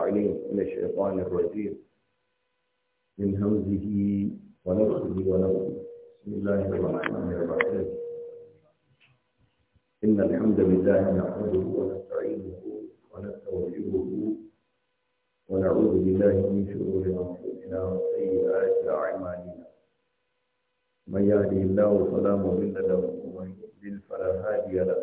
عليم من الشيطان الرجيم من همزه ونفسه ونفسه بسم الله الرحمن الرحيم إن الحمد لله نحمده ونستعينه ونستوجبه ونعوذ بالله من شرور أنفسنا وسيئات أعمالنا من يهده الله فلا مضل له ومن يضلل فلا هادي له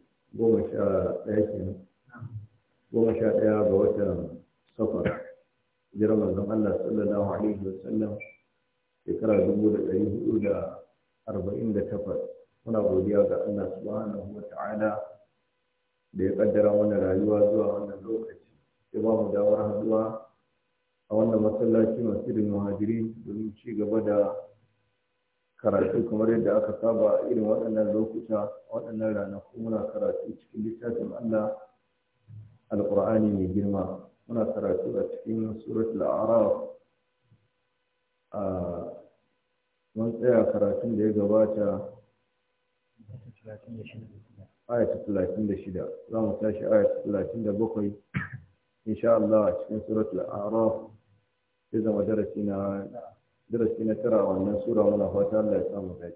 goma sha ɗaya goma sha ɗaya ga watan safar jiran manzon Allah sallallahu alaihi wa sallam shekara dubu da ɗari hudu da arba'in da takwas muna godiya ga Allah subhanahu wa ta'ala da ya kaddara mana rayuwa zuwa wannan lokaci ya ba mu damar haduwa a wannan masallaci masu muhajiri domin ci gaba da karatu kamar yadda aka saba irin waɗannan lokuta waɗannan ranaku muna karatu cikin littafin Allah alƙur'ani mai girma muna karatu a cikin surat araf a mun tsaya karatun da ya gabata ayata talatin da shida za mu tashi ayata talatin da bakwai insha Allah a cikin surat araf sai zama darasi na darasi na tara wannan sura muna fata Allah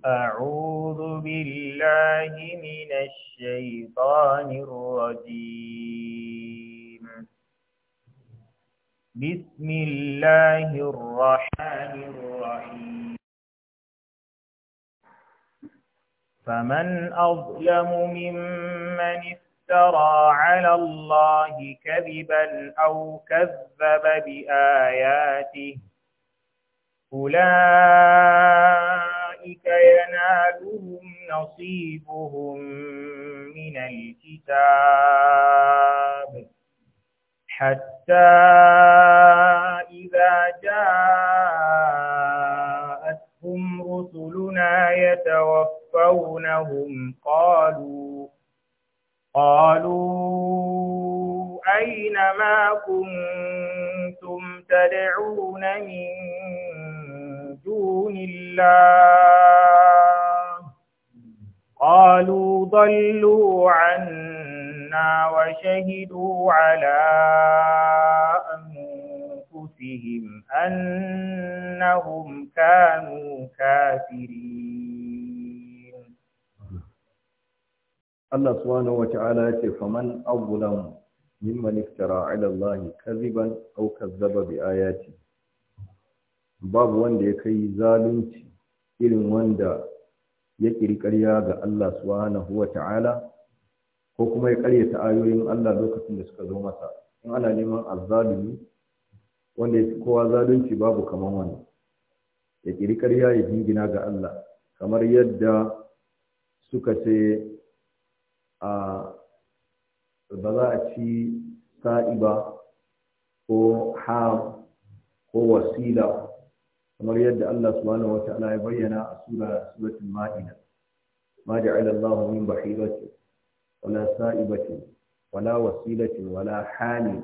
أعوذ بالله من الشيطان الرجيم بسم الله الرحمن الرحيم فمن أظلم ممن افتر افترى على الله كذبا أو كذب بآياته أولئك ينالهم نصيبهم من الكتاب حتى إذا جاءتهم رسلنا يتوفونهم قالوا قالوا أين ما كنتم تدعون من دون الله قالوا ضلوا عنا وشهدوا على أنفسهم أنهم كانوا كافرين Allah subhanahu wa ta'ala ya ce faman azlamu mimman iftara ala Allah kaziban aw kazzaba bi ayati babu wanda ya kai zalunci irin wanda ya kiri ƙarya ga Allah subhanahu wa ta'ala ko kuma ya ta ayoyin Allah lokacin da suka zo masa in ana neman azzalumi wanda ya fi kowa zalunci babu kaman wani ya kiri ƙarya ya jingina ga Allah kamar yadda suka ce ba za a ci sa'i ba ko ham ko wasila kamar yadda Allah subhanahu wata'ala ya bayyana a sura suratul ma'ida ma ja'ala Allahu min bahirati wala sa'ibati wala wasilati wala hali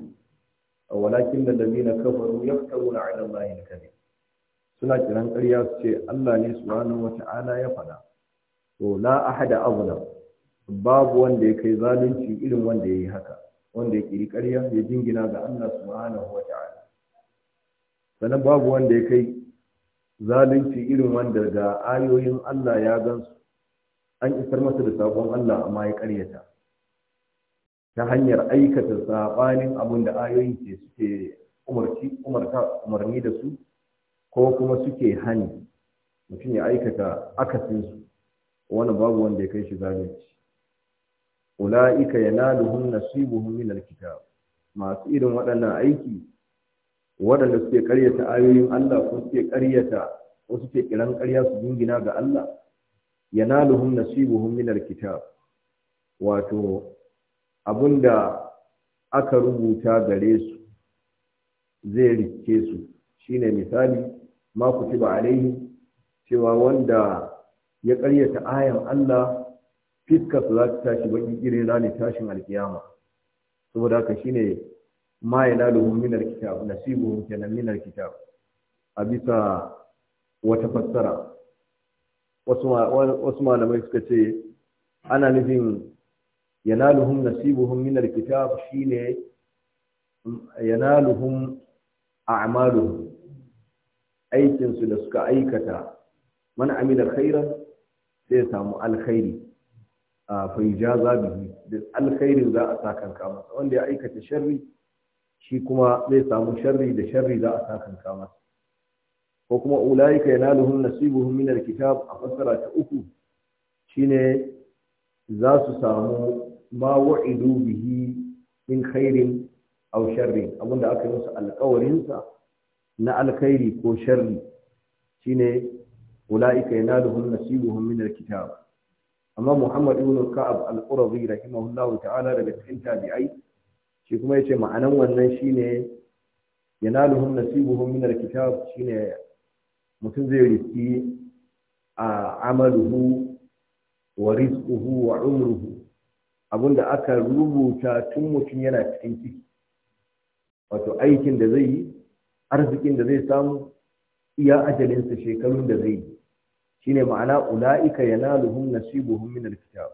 walakin alladhina kafaru yaftaruna 'ala Allahi al-kadhib suna kiran ƙarya su ce Allah ne subhanahu wata'ala ya faɗa to la ahada azlam babu wanda ya kai zalunci irin wanda ya yi haka wanda ya kiri ƙarya ya jingina ga Allah subhanahu wa ta'ala sannan babu wanda ya kai zalunci irin wanda ga ayoyin Allah ya gansu an isar masa da sabon Allah amma ya ƙaryata ta hanyar aikata sabanin abin da ayoyin ke suke umarni da su ko kuma suke hani mutum ya aikata akasinsu wani babu wanda ya kai shi zalunci ula'ika yanaluhum nasibuhum min alkitab masu irin waɗannan aiki waɗanda suke ƙaryata ayoyin Allah ko suke ƙaryata ko suke kiran ƙarya su jingina ga Allah yanaluhum nasibuhum min alkitab wato abunda aka rubuta gare su zai rike su shine misali ma kutiba alaihi cewa wanda ya ƙaryata ayan Allah fiskar su za ta tashi baki irin ranar tashin alkiyama saboda haka shine ma ya yanaluhum min alkitab nasibuhum kenan minar alkitab a bisa wata fassara wasu malamai suka ce ana nufin ya yanaluhum nasibuhum min alkitab shine ya yanaluhum a'maluhum aikinsu da suka aikata mana amina khairan sai samu alkhairi fa ijaza bihi da alkhairin za a kanka masa wanda ya aikata sharri shi kuma zai samu sharri da sharri za a kanka masa ko kuma ulaika yanaluhum nasibuhum min alkitab a fassara ta uku shine za su samu ma wa'idu bihi min khairin aw sharri abinda aka yi musu alƙawarin sa na alkhairi ko sharri shine ulaika yanaluhum nasibuhum min alkitab amma muhammad ibn ka'ab al-qurazi rahimahullahu ta'ala daga cikin tabi'ai shi kuma yace ma'anan wannan shine yanaluhum nasibuhum min al-kitab shine mutum zai riski a amaluhu wa rizquhu wa umruhu abinda aka rubuta tun mutum yana cikin ciki wato aikin da zai yi arzikin da zai samu iya ajalinsa shekarun da zai yi shine ma'ana ula'ika yanaluhum nasibuhum min alkitab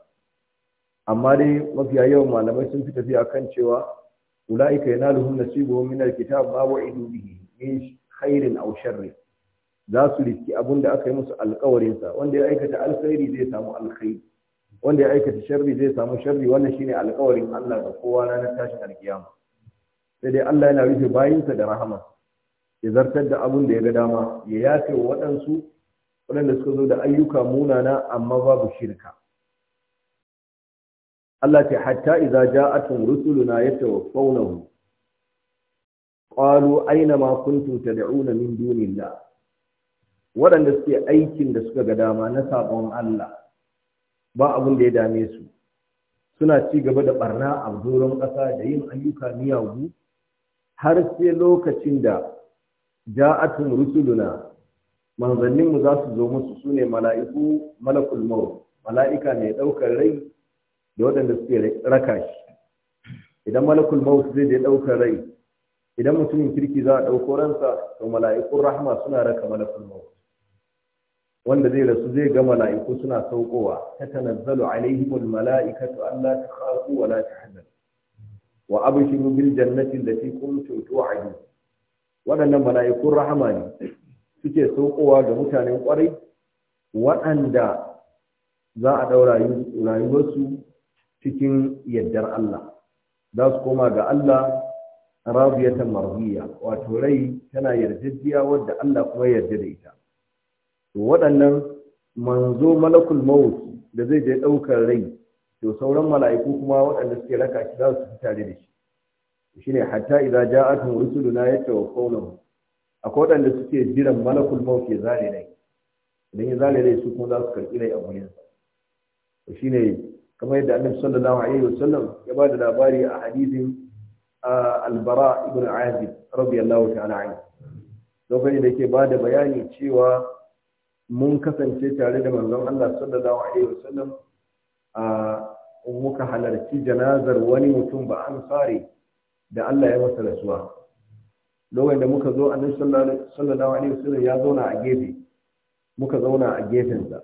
amma dai mafiya yawan malamai sun fi tafiya kan cewa ula'ika yanaluhum nasibuhum min alkitab ma wa'idu bihi min khairin aw sharri za su riski abin aka yi musu alƙawarin sa wanda ya aikata alkhairi zai samu alkhairi wanda ya aikata sharri zai samu sharri wannan shine alƙawarin Allah ga kowa ranar tashin alkiyama sai dai Allah yana rufe bayinsa da rahama ya zartar da abin da ya ga dama ya yafe wa waɗansu waɗanda suka zo da ayyuka munana amma babu shirka Allah ce hatta idza ja'atun rusuluna yatawaffawnahum qalu aina ma kuntum tad'una min dunillah waɗanda suke aikin da suka ga dama na sabon Allah ba abin da ya dame su suna ci gaba da barna a doron ƙasa da yin ayyuka miyagu har sai lokacin da ja'atun rusuluna manzanninmu za su zo musu su ne mala'iku malakul maut mala'ika mai ɗaukar rai da waɗanda suke raka shi idan malakul su zai da ɗaukar rai idan mutumin kirki za a ɗauko ransa to mala'ikun rahma suna raka malakul maut wanda zai rasu zai ga mala'iku suna saukowa ta tanazzalu alaihimul mala'ikatu ta khafu wa la tahzanu wa abshiru bil jannati allati kuntum tu'adun waɗannan mala'ikun rahama ne suke saukowa ga mutanen kwarai waɗanda za a ɗaura rayuwarsu cikin yardar Allah za su koma ga Allah rabiyatan marziya wato rai tana yarjejjiya wadda Allah kuma yarda da ita waɗannan manzo malakul maut da zai je ɗaukar rai to sauran mala'iku kuma waɗanda suke raka shi za su fi tare da shi shine hatta idza ja'atuhum rusuluna yatawaffawna akwai waɗanda suke jiran malakul Mauke ya idan ya zare su kuma za su karɓi rai a wurin sa shi kamar yadda annabi sallallahu alaihi wasallam ya ba da labari a hadisin albara ibn azib radiyallahu ta'ala anhu lokacin da yake ba da bayani cewa mun kasance tare da manzon Allah sallallahu alaihi wasallam a muka halarci janazar wani mutum ba sare da Allah ya masa rasuwa lokacin da muka zo annabi sallallahu alaihi wasallam ya zauna a gefe muka zauna a gefensa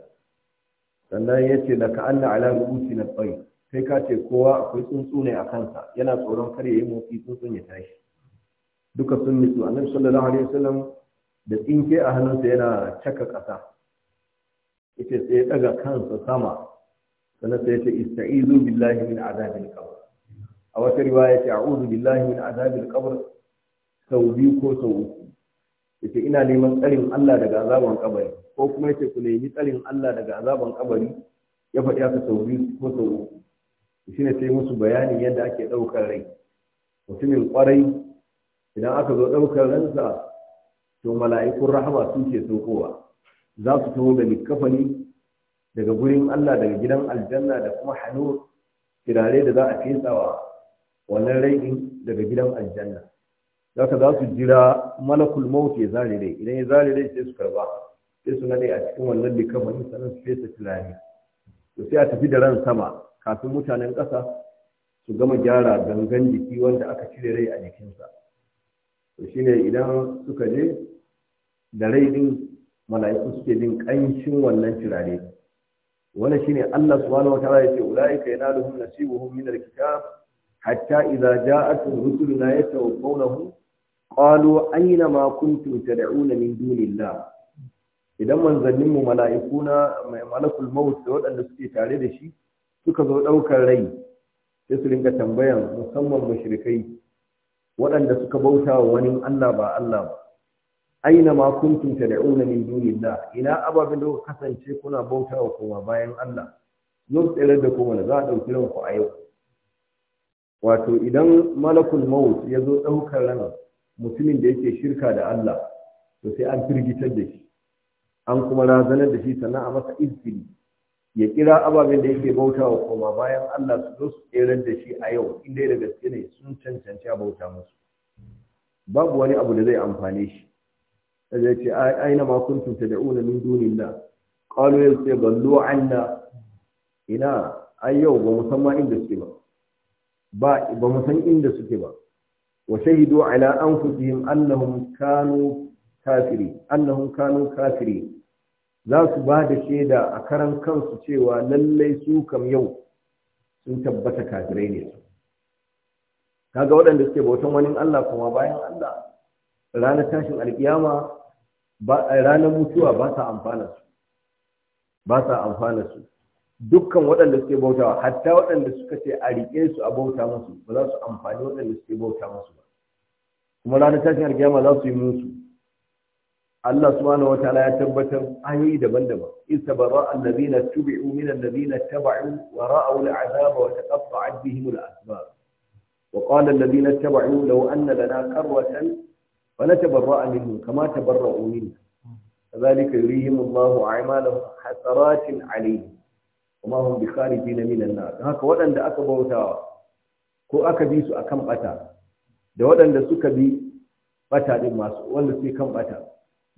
sannan ya ce ka anna ala rubuti na tsayi sai ka ce kowa akwai tsuntsu ne a kansa yana tsoron kar yayi motsi tsuntsun ya tashi duka sun nutsu annabi sallallahu alaihi wasallam da tsinke a hannunsa yana caka ƙasa yace sai ya daga kansa sama sannan sai ya ce ista'izu billahi min azabil qabr a wata riwaya ya ce a'udhu billahi min azabil qabr sau biyu ko sau uku yace ina neman tsarin Allah daga azaban kabari ko kuma yace ku nemi tsarin Allah daga azaban kabari ya faɗi aka sau biyu ko sau uku shine sai musu bayani yadda ake ɗaukar rai mutumin kwarai idan aka zo ɗaukar ransa to mala'ikun rahama su ke saukowa za su taho da likafani daga gurin Allah daga gidan aljanna da kuma hanur kirare da za a fesawa wannan rai daga gidan aljanna zaka za su jira malakul maut ya zare dai idan ya dai sai su karba sai su nade a cikin wannan likafanin sanan su fesa tunani to sai a tafi da ran sama kafin mutanen ƙasa su gama gyara gangan jiki wanda aka cire rai a jikinsa to shine idan suka je da rai din mala'iku suke jin ƙanshin wannan turare wanda shine Allah subhanahu wataala ce ulaika yanaluhum nasibuhum min alkitab hatta idza ja'at rusuluna yatawaffawnahum qalu aina ma kuntum tad'una min dunillah idan manzannin mu mala'ikuna malakul maut da waɗanda suke tare da shi suka zo ɗaukar rai sai su rinka tambayan musamman mushrikai waɗanda suka bauta wa wani Allah ba Allah ba aina ma kuntum tad'una min dunillah ina ababin da kasance kuna bauta wa kowa bayan Allah zo tsere da kuma za a ɗauki ranku a yau wato idan malakul maut ya zo ɗaukar ranar. mutumin da yake shirka da Allah to sai an firgitar da shi an kuma razanar da shi sannan a masa izini ya kira ababen da yake bautawa koma bayan Allah su zo su tseren da shi a yau inda da gaske ne sun cancanci a bauta musu babu wani abu da zai amfane shi da ce aina ma kuntum tad'una min dunillah qalu yasballu anna ina ai yau ba musamman inda suke ba ba ba mu san inda suke ba wa shahidu ala anfusihim annahum kanu kafiri annahum kanu kafiri za su ba da shaida a karan kansu cewa lallai su kam yau sun tabbata kafirai ne kaga waɗanda suke bautan wani Allah kuma bayan Allah ranar tashin alkiyama ranar mutuwa ba sa amfana ba amfana su dukkan waɗanda suke bautawa hatta waɗanda suka ce a riƙe su a bauta musu ba za su amfani waɗanda suke bauta musu ba kuma ranar tashin alkiyama za su yi musu Allah subhanahu wataala ya tabbatar ayoyi daban-daban istabara allazina tubi'u min allazina taba'u wa ra'aw al'azaba wa taqatta'at bihim al'asbab wa qala allazina taba'u law anna lana qarratan wa natabarra'a minhum kama tabarra'u minna kadhalika yurihim Allahu a'malahum hasaratin 'alayhim kuma bi hum bikharijina minan nar haka waɗanda aka bautawa ko aka bi su akan bata da waɗanda suka bi bata din masu wanda su kan bata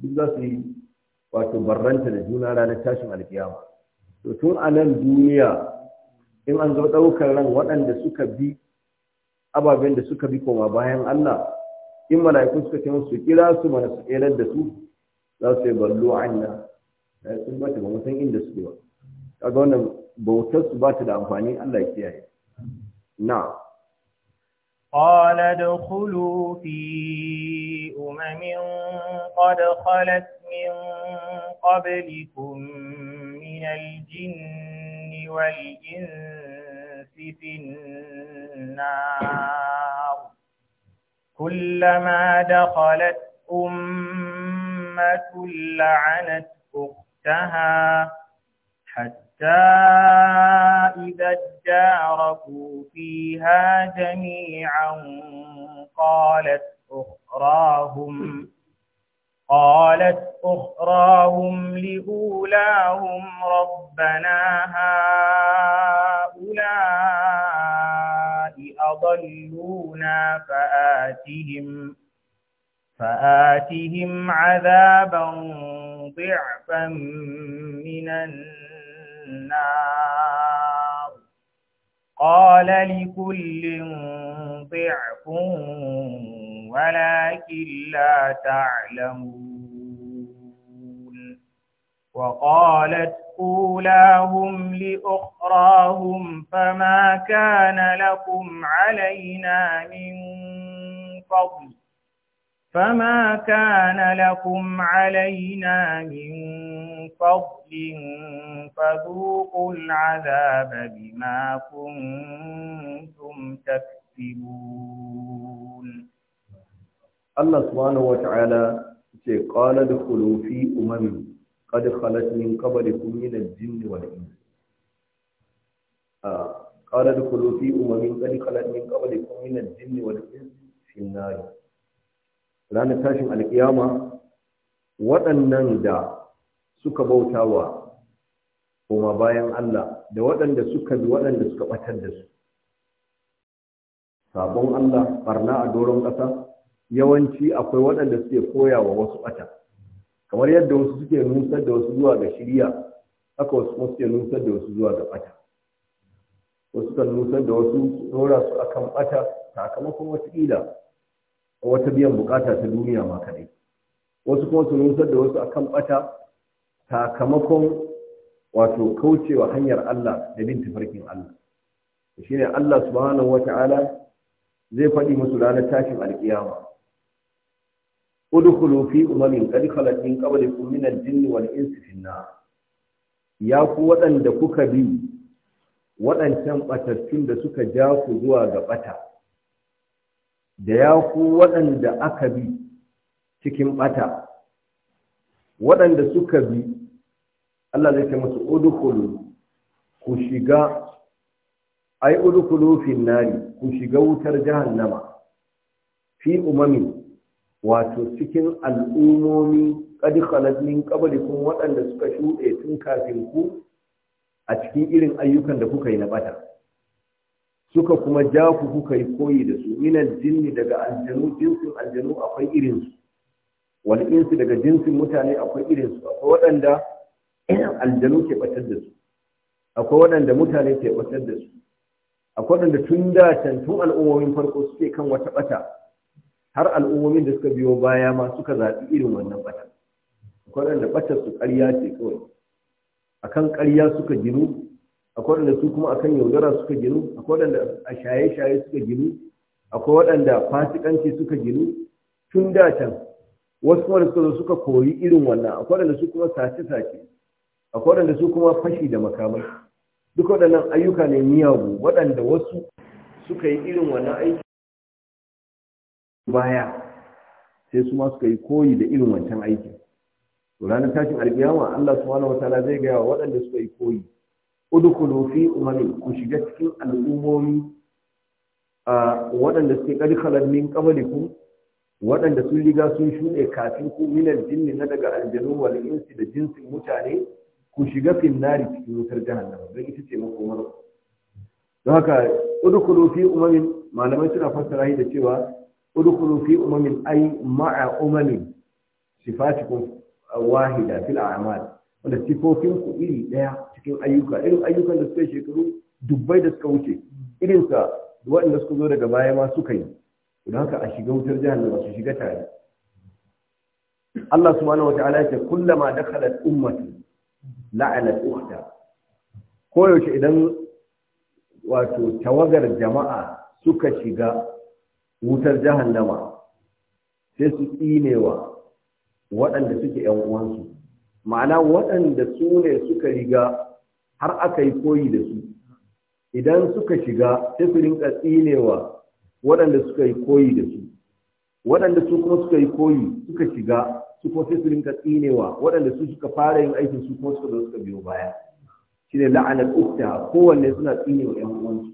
duk za su yi wato barranta da juna ranar tashin alkiyama to tun a nan duniya in an zo ɗaukar ran waɗanda suka bi ababen da suka bi koma bayan Allah in mala'iku suka ce musu kira su mana su da su za su yi ballo anna sun bata ba san inda suke ba kaga wannan bautar su ba ta da amfani Allah ya kiyaye na قال ادخلوا في أمم قد خلت من قبلكم من الجن والإنس في النار كلما دخلت أمة لعنت أختها حتى حتى إذا اداركوا فيها جميعا قالت أخراهم قالت أخراهم لأولاهم ربنا هؤلاء أضلونا فآتهم فآتهم عذابا ضعفا من النار النار قال لكل ضعف ولكن لا تعلمون وقالت أولاهم لأخراهم فما كان لكم علينا من فضل فما كان لكم علينا من فضل فذوقوا العذاب بما كنتم تكسبون الله سبحانه وتعالى قال ادخلوا في أمم قد خلت من قبلكم من الجن والإنس آه، قال ادخلوا في أمم قد خلت من قبلكم من الجن والإنس في النار ranar tashin alkiyama waɗannan da suka bauta wa koma bayan Allah da waɗanda suka bi waɗanda suka ɓatar da su sabon Allah barna a doron ƙasa yawanci akwai waɗanda suke koya wa wasu ɓata kamar yadda wasu suke nusar da wasu zuwa ga shirya haka wasu kuma suke nusar da wasu zuwa ga ɓata wasu kan nusar da wasu su ɗora su akan ɓata sakamakon ƙila wata biyan bukata ta duniya ma kadai wasu kuma su nusar da wasu akan bata sakamakon wato kaucewa hanyar Allah da bin tafarkin Allah shine Allah subhanahu wata'ala zai faɗi musu ranar tashin alkiyama udkhulu fi umamin qad khalat min qablikum min al-jinni wal insi fi nar ya ku waɗanda kuka bi waɗancan batattun da suka ja ku zuwa ga bata da ya ku waɗanda aka bi cikin ɓata waɗanda suka bi Allah zai ce masu udkhulu ku shiga ai udkhulu fin nari ku shiga wutar jahannama fi umami wato cikin al'ummomi qad khalat min qablikum waɗanda suka shuɗe tun kafin ku a cikin irin ayyukan da kuka yi na ɓata. suka kuma ja ku kuka yi koyi da su minan jinni daga aljanu jinsin aljanu akwai irin su wal insu daga jinsin mutane akwai irin su akwai waɗanda aljanu ke batar da su akwai waɗanda mutane ke batar da su akwai waɗanda tun da can tun al'ummomin farko suke kan wata bata har al'ummomin da suka biyo baya ma suka zaɓi irin wannan bata akwai waɗanda batar su ƙarya ce kawai akan ƙarya suka ginu akwai waɗanda su kuma akan yaudara suka ginu akwai waɗanda a shaye-shaye suka ginu akwai waɗanda fasikanci suka ginu tun da can wasu kuma suka zo suka koyi irin wannan akwai waɗanda su kuma sace-sace akwai waɗanda su kuma fashi da makamai duk waɗannan ayyuka ne miyagu waɗanda wasu suka yi irin wannan aiki baya sai su ma suka yi koyi da irin wancan aikin to ranar tashin alkiyama Allah subhanahu wataala zai gaya wa waɗanda suka yi koyi udkhulu fi umamin, ku shiga cikin al'ummomi waɗanda suke ƙarƙalar min ku, waɗanda sun riga sun shuɗe kafin ku minar jinni na daga aljanu wal insi da jinsin mutane ku shiga finnari cikin wutar jahannama don ita ce mara. don haka udkhulu fi umamin, malamai suna fassara shi da cewa udkhulu fi umamin ai ma'a umarin sifatukum wahida fil a'mal wanda sifofin ku iri ɗaya cikin ayyuka irin ayyukan da suka shekaru dubbai da suka wuce irinsa waɗanda suka zo daga baya ma suka yi don haka a shiga wutar jahannama su shiga tare Allah subhanahu wa ta'ala yake kullama dakhalat ummati la'anat ukhta koyaushe idan wato tawagar jama'a suka shiga wutar jahannama sai su tsinewa waɗanda suke ‘yan uwansu ma'ana waɗanda su ne suka riga har aka yi koyi da su idan suka shiga sai su rinka tsinewa waɗanda suka yi koyi da su waɗanda su kuma suka yi koyi suka shiga su kuma sai su rinka tsinewa waɗanda su suka fara yin aikin su kuma suka zo suka biyo baya shi ne la'anar ukta kowanne suna tsinewa ƴan uwansu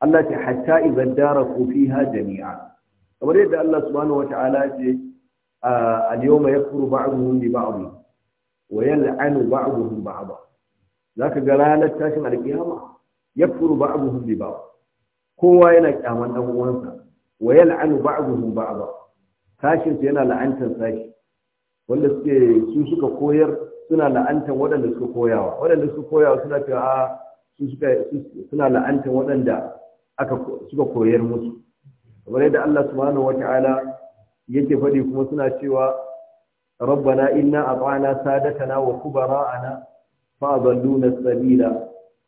Allah ce hatta idan dara ko fiha jami'a kamar yadda Allah subhanahu wa wata'ala ce al yawma yakfuru ba'dhum li ba'dhum wa yal'anu ba'dhum Za ka ga ranar tashin alƙiyama. alkiyama yakfuru ba'dhum bi ba'd kowa yana ƙyaman ɗan uwansa wa yal'anu ba'dhum ba'dha sashin su yana la'antar sashi wanda suke su suka koyar suna la'antar waɗanda suka koyawa waɗanda suka koyawa suna cewa a su suka suna la'antar waɗanda aka suka koyar musu kamar yadda Allah subhanahu wata'ala yake faɗi kuma suna cewa ربنا إنا أطعنا سادتنا وكبراءنا فأضلونا السبيل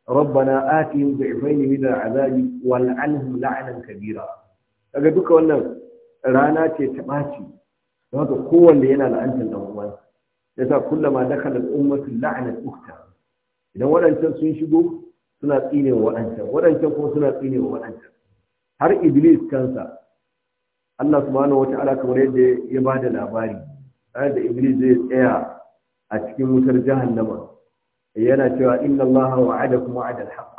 ربنا آتهم ضعفين من العذاب والعنهم لعنا كبيرا kaga duka wannan rana ce ta ɓaci don haka kowanne yana la'antar da uwan ya sa kullama dakala ummatu la'anat ukhta idan waɗancan sun shigo suna tsine wa waɗancan suna tsine wa har iblis kansa Allah subhanahu kamar yadda ya da labari da iblis zai tsaya a cikin wutar jahannama yana cewa inna allaha wa'adakum wa'ada al-haqq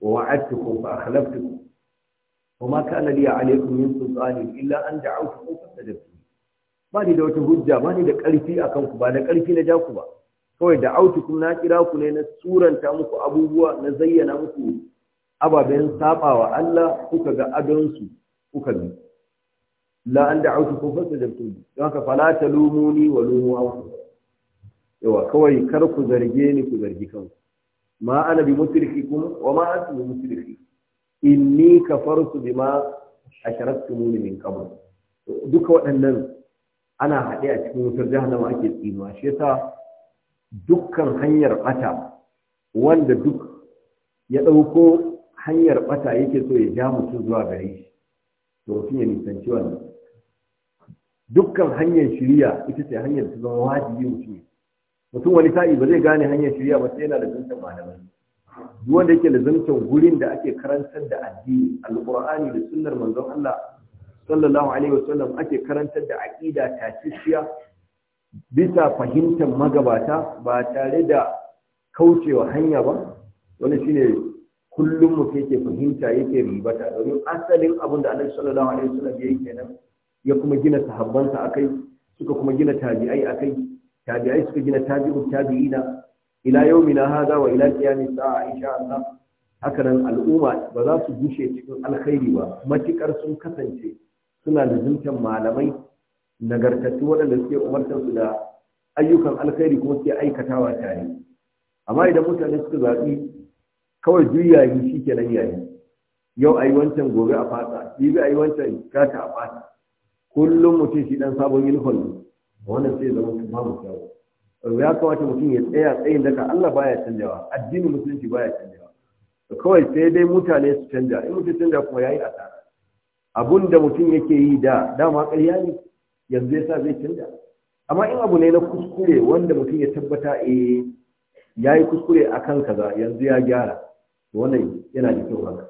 wa wa'adtukum fa akhlaftukum وما كان alaykum min من illa an ان دعوتكم فاستجبتم ba ni da wata hujja ba ni da ƙarfi a ku. ba da ƙarfi na jaku ku ba kawai da kun na kira ku ne na suranta muku abubuwa na zayyana muku ababen saɓawa Allah kuka ga adonsu kuka bi la an da'awtukum fastajabtum don haka fala talumuni wa lumu anfusakum yawa kawai kar ku zarge ni ku zargi kanku ma ana bi musrikikum wa ma antum bi musriki inni kafartu bima asharaktumuni min qabl duka waɗannan ana haɗe a cikin wutar jahannama ake tsinuwa shi yasa dukkan hanyar bata wanda duk ya ɗauko hanyar bata yake so ya ja mutum zuwa gare shi to mutum ya nisanci wannan dukkan hanyar shiriya ita ce hanyar ta zama wajibi mutum mutum wani sa'i ba zai gane hanyar shiriya ba sai yana da zuntar malamai duk wanda yake da zuntar gurin da ake karantar da addini alqur'ani da sunnar manzon Allah sallallahu alaihi wasallam ake karantar da aqida tashishiya bisa fahimtar magabata ba tare da kaucewa hanya ba wani shine kullum mutum yake fahimta yake ribata domin asalin abin da Annabi sallallahu alaihi wasallam yake kenan ya kuma gina sahabbansa akai suka kuma gina tabi'ai akai tabi'ai suka gina tabi'ut tabi'ina ila yaumina hada wa ila qiyamis sa'a insha Allah haka nan al'umma ba za su gushe cikin alkhairi ba matukar sun kasance suna da zuntan malamai nagartattu waɗanda suke umartar su da ayyukan alkhairi kuma suke aikatawa tare amma idan mutane suka zaɓi kawai juyayi shi kenan yayi yau ayi wancan gobe a fata a ayi wancan kata a fata kullum mutum shi dan sabon uniform ne wannan sai zama babu kyawu ya kamata mutum ya tsaya tsayin daga Allah baya canjawa addinin musulunci baya canjawa kawai sai dai mutane su canja in mutum canja kuma yayi asara abun da mutum yake yi da dama ƙarya ne yanzu ya sa zai canja amma in abu ne na kuskure wanda mutum ya tabbata eh yi kuskure a kan kaza yanzu ya gyara wannan yana da kyau haka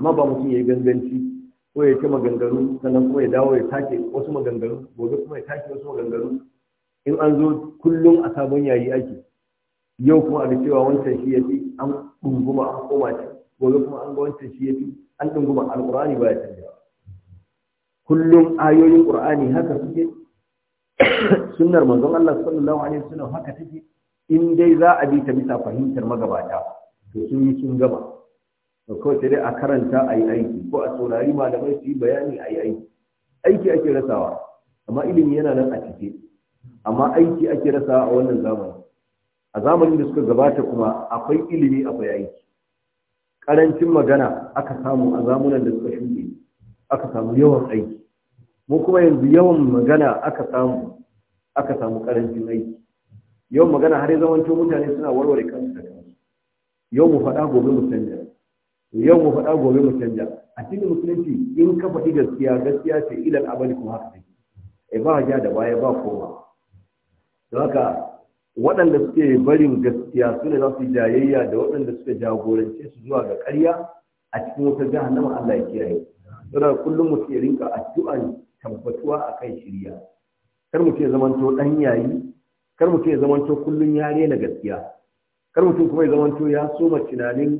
amma ba mutum ya yi ganganci ko ya ci maganganu sannan kuma ya dawo ya sake wasu maganganu gobe kuma ya sake wasu maganganu in an zo kullum a sabon yayi ake yau kuma a cewa wancan shi ya fi an ɗunguma an koma ce gobe kuma an ga wancan shi ya fi an ɗunguma alƙur'ani ba ya canja kullum ayoyin ƙur'ani haka suke sunnar manzon Allah sallallahu alaihi wasallam haka take in dai za a bi ta bisa fahimtar magabata to sun yi sun gaba to kawai sai dai a karanta a yi aiki ko a saurari malamai su yi bayani a yi aiki aiki ake rasawa amma ilimi yana nan a cike amma aiki ake rasawa a wannan zamani a zamanin da suka gabata kuma akwai ilimi akwai aiki karancin magana aka samu a zamunan da suka shuɗe aka samu yawan aiki mu kuma yanzu yawan magana aka samu aka samu karancin aiki yawan magana har ya zamanto mutane suna warware kansu da kansu yau mu faɗa gobe mu canja yau mu faɗa gobe mu canja A cikin musulunci in ka faɗi gaskiya gaskiya ce ilal abadi kuma haka take eh, ba ja da baya ba koma don haka waɗanda suke barin gaskiya su ne za su jayayya da waɗanda suka jagorance su zuwa ga ƙarya a cikin wata jahannama Allah ya kiyaye saboda kullum mu ke rinka addu'an tabbatuwa a kan shirya kar mu ce zamanto ɗan yayi kar mu ce zamanto kullum ya rena gaskiya kar mutum kuma ya zamanto ya soma tunanin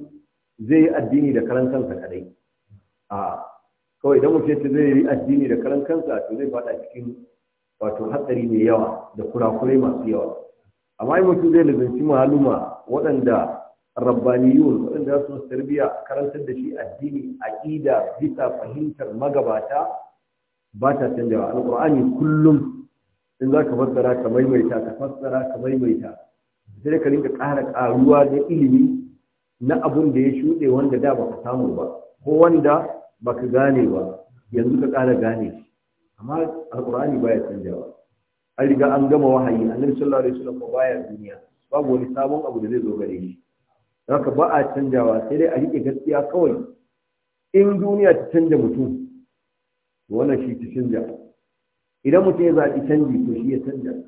zai yi addini da karan kansa kadai a kawai idan mutum ce zai yi addini da karan kansa to zai fada cikin wato hatsari mai yawa da kurakurai masu yawa amma in mutum zai lazanci maluma waɗanda rabbaniyun waɗanda za su tarbiyya karantar da shi addini aqida bisa fahimtar magabata ba ta canjawa alqur'ani kullum in za ka fassara ka maimaita ka fassara ka maimaita sai ka rinka ƙara ƙaruwa da ilimi na abun da ya shuɗe wanda da baka samu ba ko wanda baka gane ba yanzu ka ƙara gane shi amma alƙur'ani baya canjawa an riga an gama wahayi annabi sallallahu alaihi wasallam ba baya duniya babu wani sabon abu da zai zo gare shi haka ba a canjawa sai dai a riƙe gaskiya kawai in duniya ta canja mutum to wannan shi ta canja idan mutum ya zaɓi canji to shi ya canja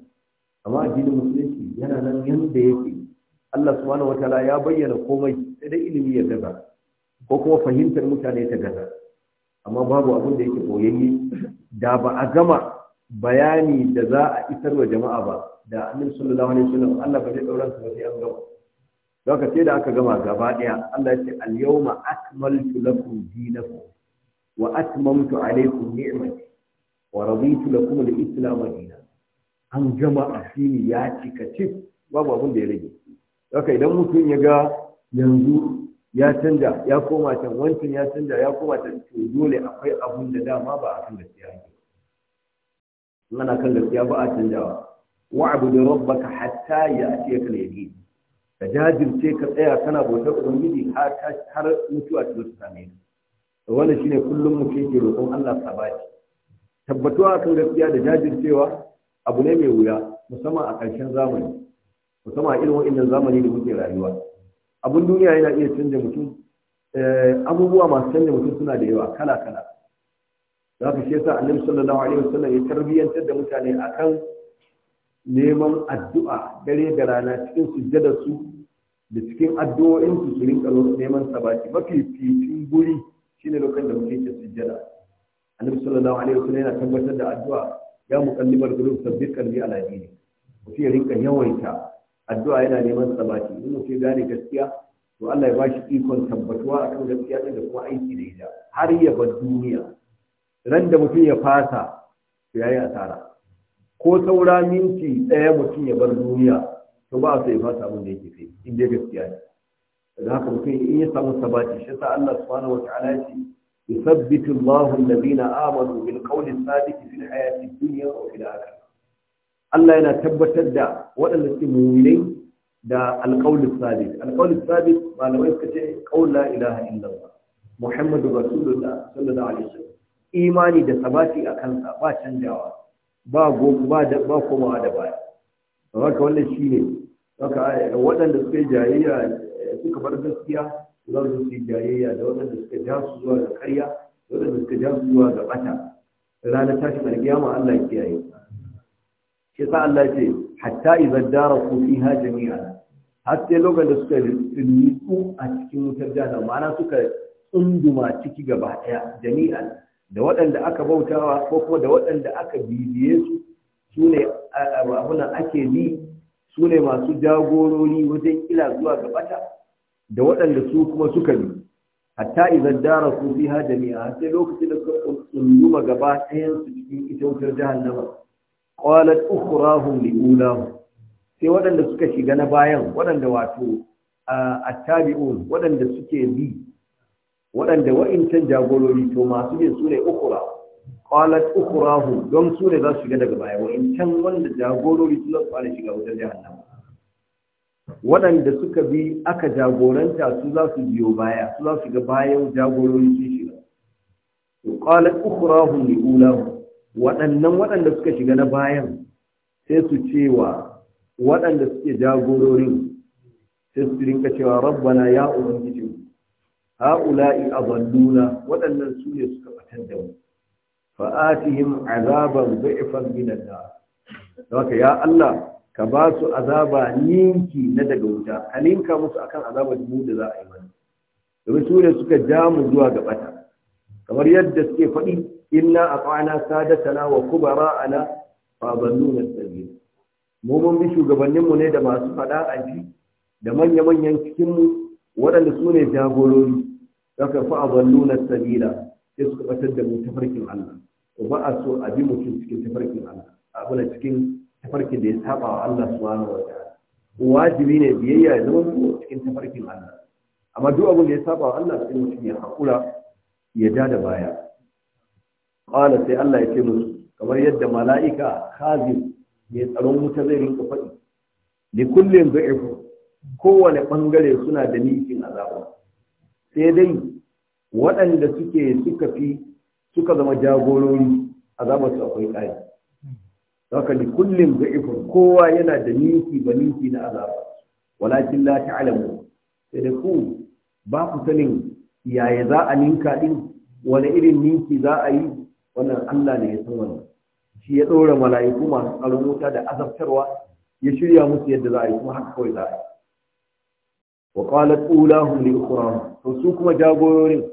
amma addinin musulunci yana nan yadda yake Allah subhanahu wataala ya bayyana komai sai dai ilimi ya gaza ko kuma fahimtar mutane ta gaza amma babu abin da yake boyayye da ba a gama bayani da za a isar wa jama'a ba da annabi sallallahu alaihi wasallam Allah ba zai daura su ba sai an gama Zaka sai da aka gama gaba ɗaya Allah ya ce al-yawma akmaltu lakum dinakum wa atmamtu alaykum ni'mati wa raditu lakum al-islam dinan an gama asini ya cika cif babu abin da ya rage haka idan mutum ya ga yanzu ya canja ya koma can wancan ya canja ya koma can to dole akwai abun da dama ba a kan gaskiya ba mana kan gaskiya ba a canjawa wa'budu rabbaka hatta ya'tiyaka al-yaqin ka jajirce ka tsaya kana bautar ubangiji har mutuwa ta zo same ka wannan shine kullum mu ke roƙon Allah sabati tabbatuwa kan gaskiya da jajircewa abu ne mai wuya musamman a ƙarshen zamani musamman a irin wa'annan zamani da muke rayuwa abin duniya yana iya canja mutum eh, abubuwa masu canja mutum suna da yawa kala kala za ka shi yasa annabi sallallahu alaihi wasallam ya tarbiyyantar da mutane akan neman addu'a dare da rana cikin sujjada su da cikin addu'o'in su su rinka neman sabati mafi fitin guri shine lokacin da mutum ke sujjada annabi sallallahu alaihi wasallam yana tabbatar da addu'a ya muqallibar qulub sabbit qalbi ala dini mutum ya rinka yawaita addu'a yana neman sabati in mutum ya gane gaskiya to Allah ya ba shi ikon tabbatuwa kan gaskiya da kuma aiki da ita har ya bar duniya ran da mutum ya fasa to yayi asara ko saura minti ɗaya mutum ya bar duniya to ba sai ya fasa abin da yake sai in dai gaskiya ne da haka mutum in ya samu sabati shi sa Allah subhanahu wataala ya ce yusabbitu Allahu alladhina amanu bil qawli thabit fil hayati dunya wa fil akhirah Allah yana tabbatar da waɗanda suke muminai da alƙawlin sabit alƙawlin sabit malamai suka ce ƙaula ilaha illallah muhammadu rasulullah sallallahu alaihi wasallam imani da sabati a kansa ba canjawa ba ba da ba komawa da baya haka wannan shine haka eh, waɗanda suka yi jayayya eh, suka bar gaskiya za su yi jayayya da waɗanda suka ja su zuwa ga ƙarya waɗanda suka ja su zuwa ga ɓata ranar tashin alƙiyama Allah ya kiyaye shi sa Allah ce hatta idan dara ku ha jami'a har sai lokacin da suka nitsu a cikin wutar jahannam ma'ana suka tsunduma ciki gaba daya jami'a da waɗanda aka bautawa ko kuma da waɗanda aka bibiye su su ne abuna ake bi su ne masu jagorori wajen kila zuwa gabata da waɗanda su kuma suka bi hatta idan dara ku ha jami'a har sai lokacin da suka tsunduma gaba ɗayan su cikin ita wutar jahannama qalat ukhrahum li'ulahu sai waɗanda suka shiga na bayan waɗanda wato attabi'un waɗanda suke bi waɗanda wa'incan jagorori to masu ne su ne ukhra qalat ukhrahum don su ne za su shiga daga baya wa'incan wanda jagorori su za su shiga wutar jahannama waɗanda suka bi aka jagoranta su za su biyo baya su za su shiga bayan jagorori su shiga to qalat ukhrahum li waɗannan waɗanda suka shiga na bayan sai su cewa waɗanda suke jagororin sai su rinka cewa rabbana ya ubangiji ha'ula'i aballuna waɗannan su ne suka batar da mu fa'atihim azaban da'ifan min an haka ya Allah ka ba su azaba ninki na daga wuta ka ninka musu akan azaba mu da za a yi mana domin su ne suka ja mu zuwa ga bata kamar yadda suke faɗi inna ata'na sadatana wa kubara'ana fa balluna sabil mu mun bi shugabannin mu ne da masu fada aji da manya-manyan cikin mu waɗanda su ne jagorori daga fa balluna sabila sai suka batar da mu tafarkin Allah to ba a so a bi mutum cikin tafarkin Allah abuna cikin tafarkin da ya saba wa Allah subhanahu wa ta'ala wajibi ne biyayya ya zama cikin tafarkin Allah amma duk abin da ya saba wa Allah sai mutum ya hakura ya ja da baya qala sai Allah ya ce musu kamar yadda mala'ika khazin mai tsaron wuta zai rinka faɗi li kullin ifo kowane bangare suna da nikin azaba sai dai waɗanda suke suka fi suka zama jagorori azabar su akwai ƙari haka li kullin ifo kowa yana da niki ba niki na azaba walakin la ta'lamu sai da ku ba ku sanin yaya za a ninka din Wane irin ninki za a yi wannan Allah ne ya san wannan shi ya ɗora mala'iku masu tsaron wuta da azabtarwa ya shirya musu yadda za a yi kuma haka kawai za a yi wa qalat ulahum li ukhrahum to su kuma jagororin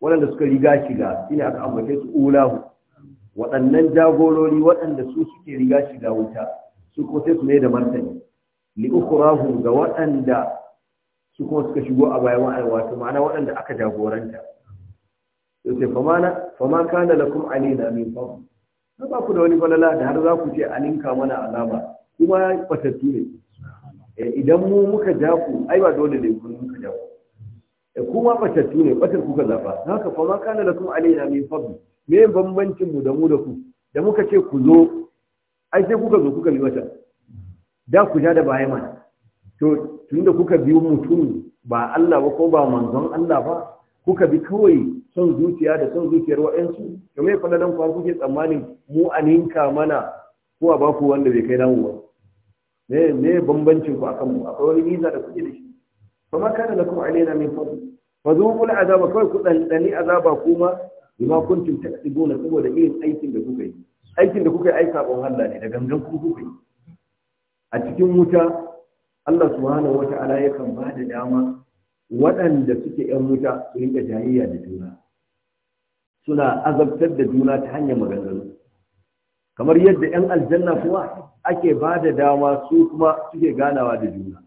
waɗanda suka riga shiga shine aka ambace su ulahum waɗannan jagorori waɗanda su suke riga shiga wuta su kuma sai su ne da martani li ukhrahum ga waɗanda su kuma suka shigo a bayan wa'ai wato ma'ana waɗanda aka jagoranta yace famana fama kana lakum alaina min fadl na ba ku da wani falala da har za ku ce an ninka mana alama kuma fatattu ne eh, idan mu muka ja ku ai ba dole ne kun muka ja ku eh, kuma fatattu ne batar kuka zafa haka fama kana lakum alaina min fadl me bambancin mu da mu da ku da muka ce ku zo ai sai kuka zo kuka bi wata da ku ja da baya mana to tunda kuka biyo mutum ba Allah ba ko ba manzon Allah ba kuka bi kawai son zuciya da son zuciyar wa'ansu kamar ya fada dan ku kuke tsammanin mu a ninka mana ko a baku wanda bai kai namu ba me me bambancin ku akan mu akwai wani niza da kuke da shi fa ma kana lakum alaina min fadl fa zuqul azaba kawai ku dan dani azaba kuma bima kuntum taksibuna saboda irin aikin da kuka yi aikin da kuka yi aika sabon Allah ne da gangan ku kuka yi a cikin wuta Allah subhanahu wata'ala yakan ba da dama waɗanda suke ‘yan wuta su rinka jayayya da juna suna azabtar da juna ta hanyar maganganu kamar yadda 'yan aljanna kuma ake ba da dama su kuma suke ganawa da juna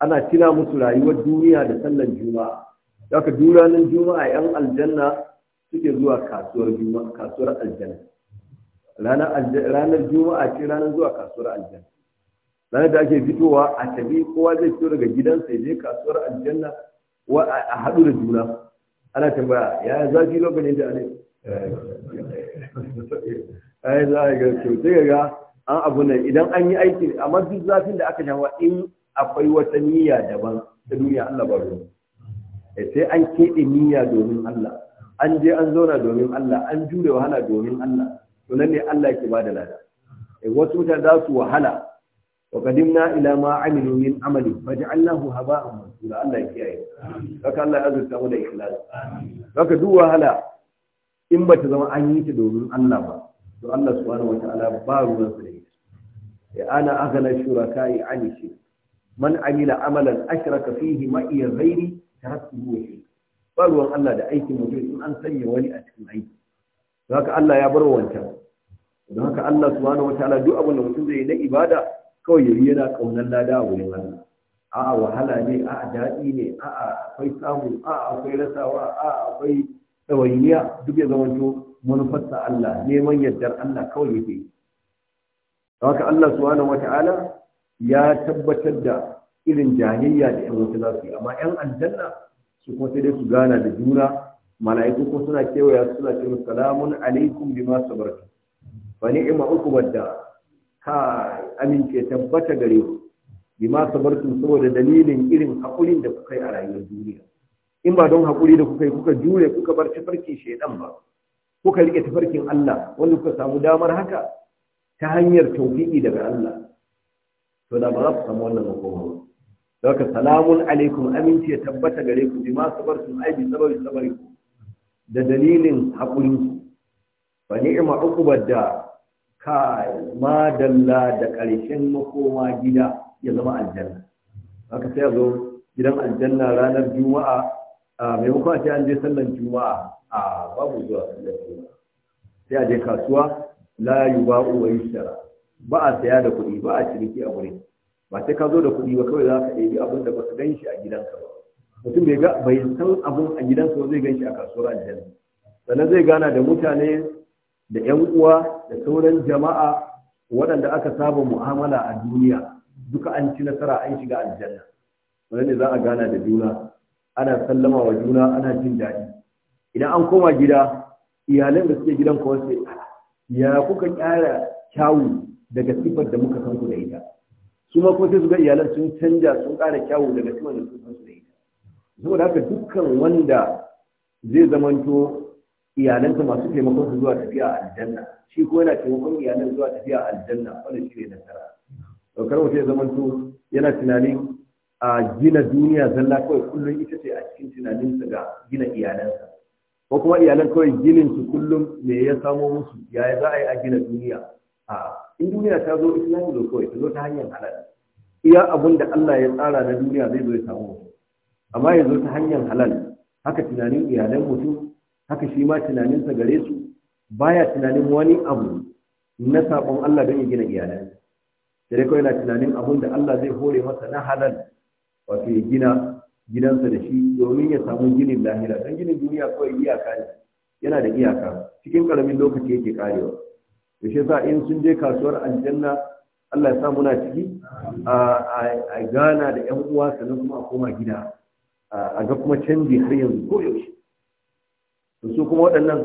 ana cina musu rayuwar duniya da sallan juma'a yaka duranin juma'a 'yan aljanna suke zuwa kasuwar kasuwar aljanna ranar juma'a ce ranar zuwa kasuwar aljanna ranar da ake fitowa a tabi kowa zai fito daga gidansa ya je kasuwar aljanna a haɗu da juna ana tambaya ya zafi lokacin da ne yi za a ga to sai ga an abu ne idan an yi aiki amma duk zafin da aka jawa in akwai wata niyya daban ta duniya Allah ba ruwa eh, sai an keɗe niyya domin Allah an je an zauna domin Allah an jure wahala domin Allah to nan ne Allah ke bada lada eh, wasu mutane za su wahala wa qadimna ila ma amilu min amali faj'alnahu haba'an mansura Allah ya kiyaye haka Allah azurta mu da ikhlas haka duk wahala in bata zama an yi ta domin Allah ba to Allah subhanahu wataala ba ruwan sa da ita ya ana aghna shuraka'i ani shi man amila amalan ashraka fihi ma iya ghairi taraktuhu wa ba ruwan Allah da aikin mutum in an sanya wani a cikin aiki haka Allah ya bar wancan don haka Allah duk abin mutum zai yi na ibada kawai yayi yana ƙaunar lada a wurin Allah a'a wahala ne a'a daɗi ne a'a akwai samu a'a akwai rasawa a'a akwai ɗawainiya duk ya zamanto manufarsa Allah neman yardar Allah kawai yake haka Allah subhanahu wata'ala ya tabbatar da irin jahiliya da ƴan wata za su yi amma ƴan aljanna su kuma sai dai su gana da jura mala'iku kuma suna kewaya suna cewa salamun alaikum bima sabartum fa ni'ma uqbad da ka amince tabbata gare ku bima sabartum saboda dalilin irin haƙurin da kuka yi a rayuwar duniya in ba don haƙuri da kuka yi kuka jure kuka bar tafarkin shaidan ba kuka rike tafarkin Allah wanda kuka samu damar haka ta hanyar tawfiqi daga Allah to da ba za ku samu wannan makoma ba daga salamun alaikum aminci ya tabbata gare ku bima sabartum ai bi sabari ku. da dalilin haƙurin ku fa ni'ma uqubad da kai dalla da ƙarshen makoma gida ya zama aljanna haka sai a zo gidan aljanna ranar juma'a a maimakon a sai an je sallan juma'a a babu zuwa sallan juma'a sai a je kasuwa la yuba'u wa yushtara ba a saya da kuɗi ba a ciniki a wurin ba sai ka zo da kuɗi ba kawai za ka ɗebi abin da ba ka gan shi a gidanka ba mutum bai san abin a gidansa ba zai gan shi a kasuwar aljanna sannan zai gana da mutane da 'yan uwa da sauran jama'a waɗanda aka saba mu'amala a duniya duka an ci nasara an shiga aljanna Wannan ne za a gana da juna ana sallama wa juna ana jin daɗi idan an koma gida iyalan da suke gidan kawai sai ah, ya kuka ƙara kyawu daga sifar da muka san ku da ita su ma kuma sai su ga iyalan sun canja sun ƙara kyawu daga sifar da sun san ku da ita saboda haka dukkan wanda zai zamanto iyalansa masu taimakon su zuwa tafiya a aljanna shi ko yana taimakon iyalan zuwa tafiya a aljanna wannan shi ne nasara daukar mutum ya zamanto yana tunanin a gina duniya zalla kawai kullum ita ce a cikin tunaninsa ga gina iyalansa ko kuma iyalan kawai ginin su kullum me ya samo musu yaya za a yi a gina duniya a in duniya ta zo islamu zo kawai ta zo ta hanyar halal iya abun da Allah ya tsara na duniya zai zo ya samu amma ya zo ta hanyar halal haka tunanin iyalan mutum haka shi ma tunaninsa gare su baya tunanin wani abu na sabon Allah don ya gina iyalai sai kawai na tunanin abun da Allah zai hore masa na halal wato ya gina gidansa da shi domin ya samu ginin lahira don ginin duniya kawai iyaka ne yana da iyaka cikin karamin lokaci yake karewa yaushe sa in sun je kasuwar aljanna Allah ya sa muna ciki a gana da 'yan uwa sannan kuma a koma gida a ga kuma canji har yanzu ko yaushe to su kuma waɗannan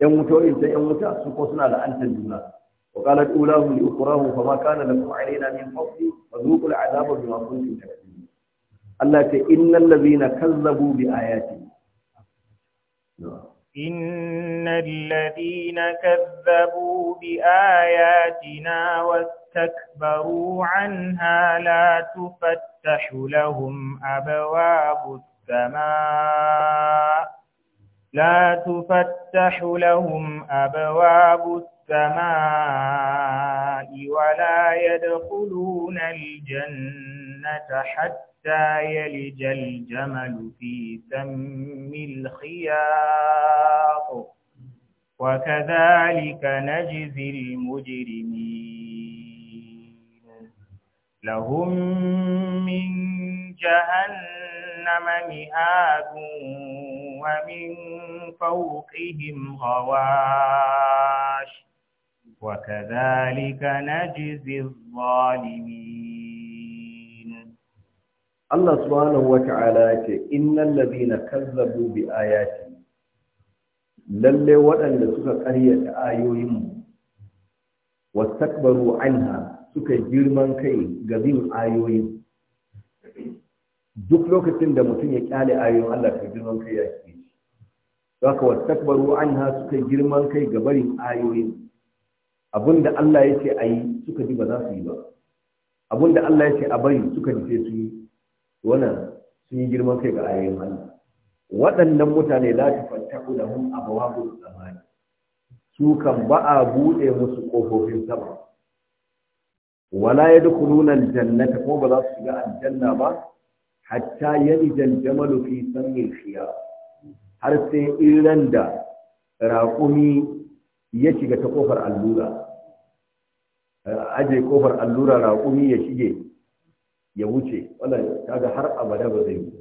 yan wuta yan wuta su ko suna la'antar juna wa qalat ulahu li ukhrahu fa ma kana lakum alaina min fadli fa dhuqul masu bima da takfurun Allah ce innal ladhina kazzabu bi ayati إن الذين كذبوا بآياتنا واستكبروا عنها لا تفتح لهم أبواب السماء لا تفتح لهم أبواب السماء ولا يدخلون الجنة حتى يلج الجمل في سم الخياط وكذلك نجزي المجرمين لهم من جهنم مهاد ومن فوقهم غواش وكذلك نجزي الظالمين الله سبحانه وتعالى إن الذين كذبوا بآياتنا lalle waɗanda suka ƙaryata ayoyinmu wastakbaru anha suka girman kai ga bin ayoyin duk lokacin da mutum ya kyale ayoyin Allah ta girman kai ya ke wasu haka wastakbaru anha suka girman kai ga barin ayoyin abinda Allah ya ce ayi suka ji ba za su yi ba abinda Allah ya ce a bari suka ji sai su yi wannan sun yi girman kai ga ayoyin Allah waɗannan mutane la tufattahu lahum abwaabus samai su kan ba a buɗe musu ƙofofin sama wala yadkhuluna aljannata ko ba za su shiga aljanna ba hatta yalija al-jamalu fi sammi khiya har sai iran da raƙumi ya shiga ta kofar allura aje kofar allura raƙumi ya shige ya wuce wannan kaga har abada ba zai yi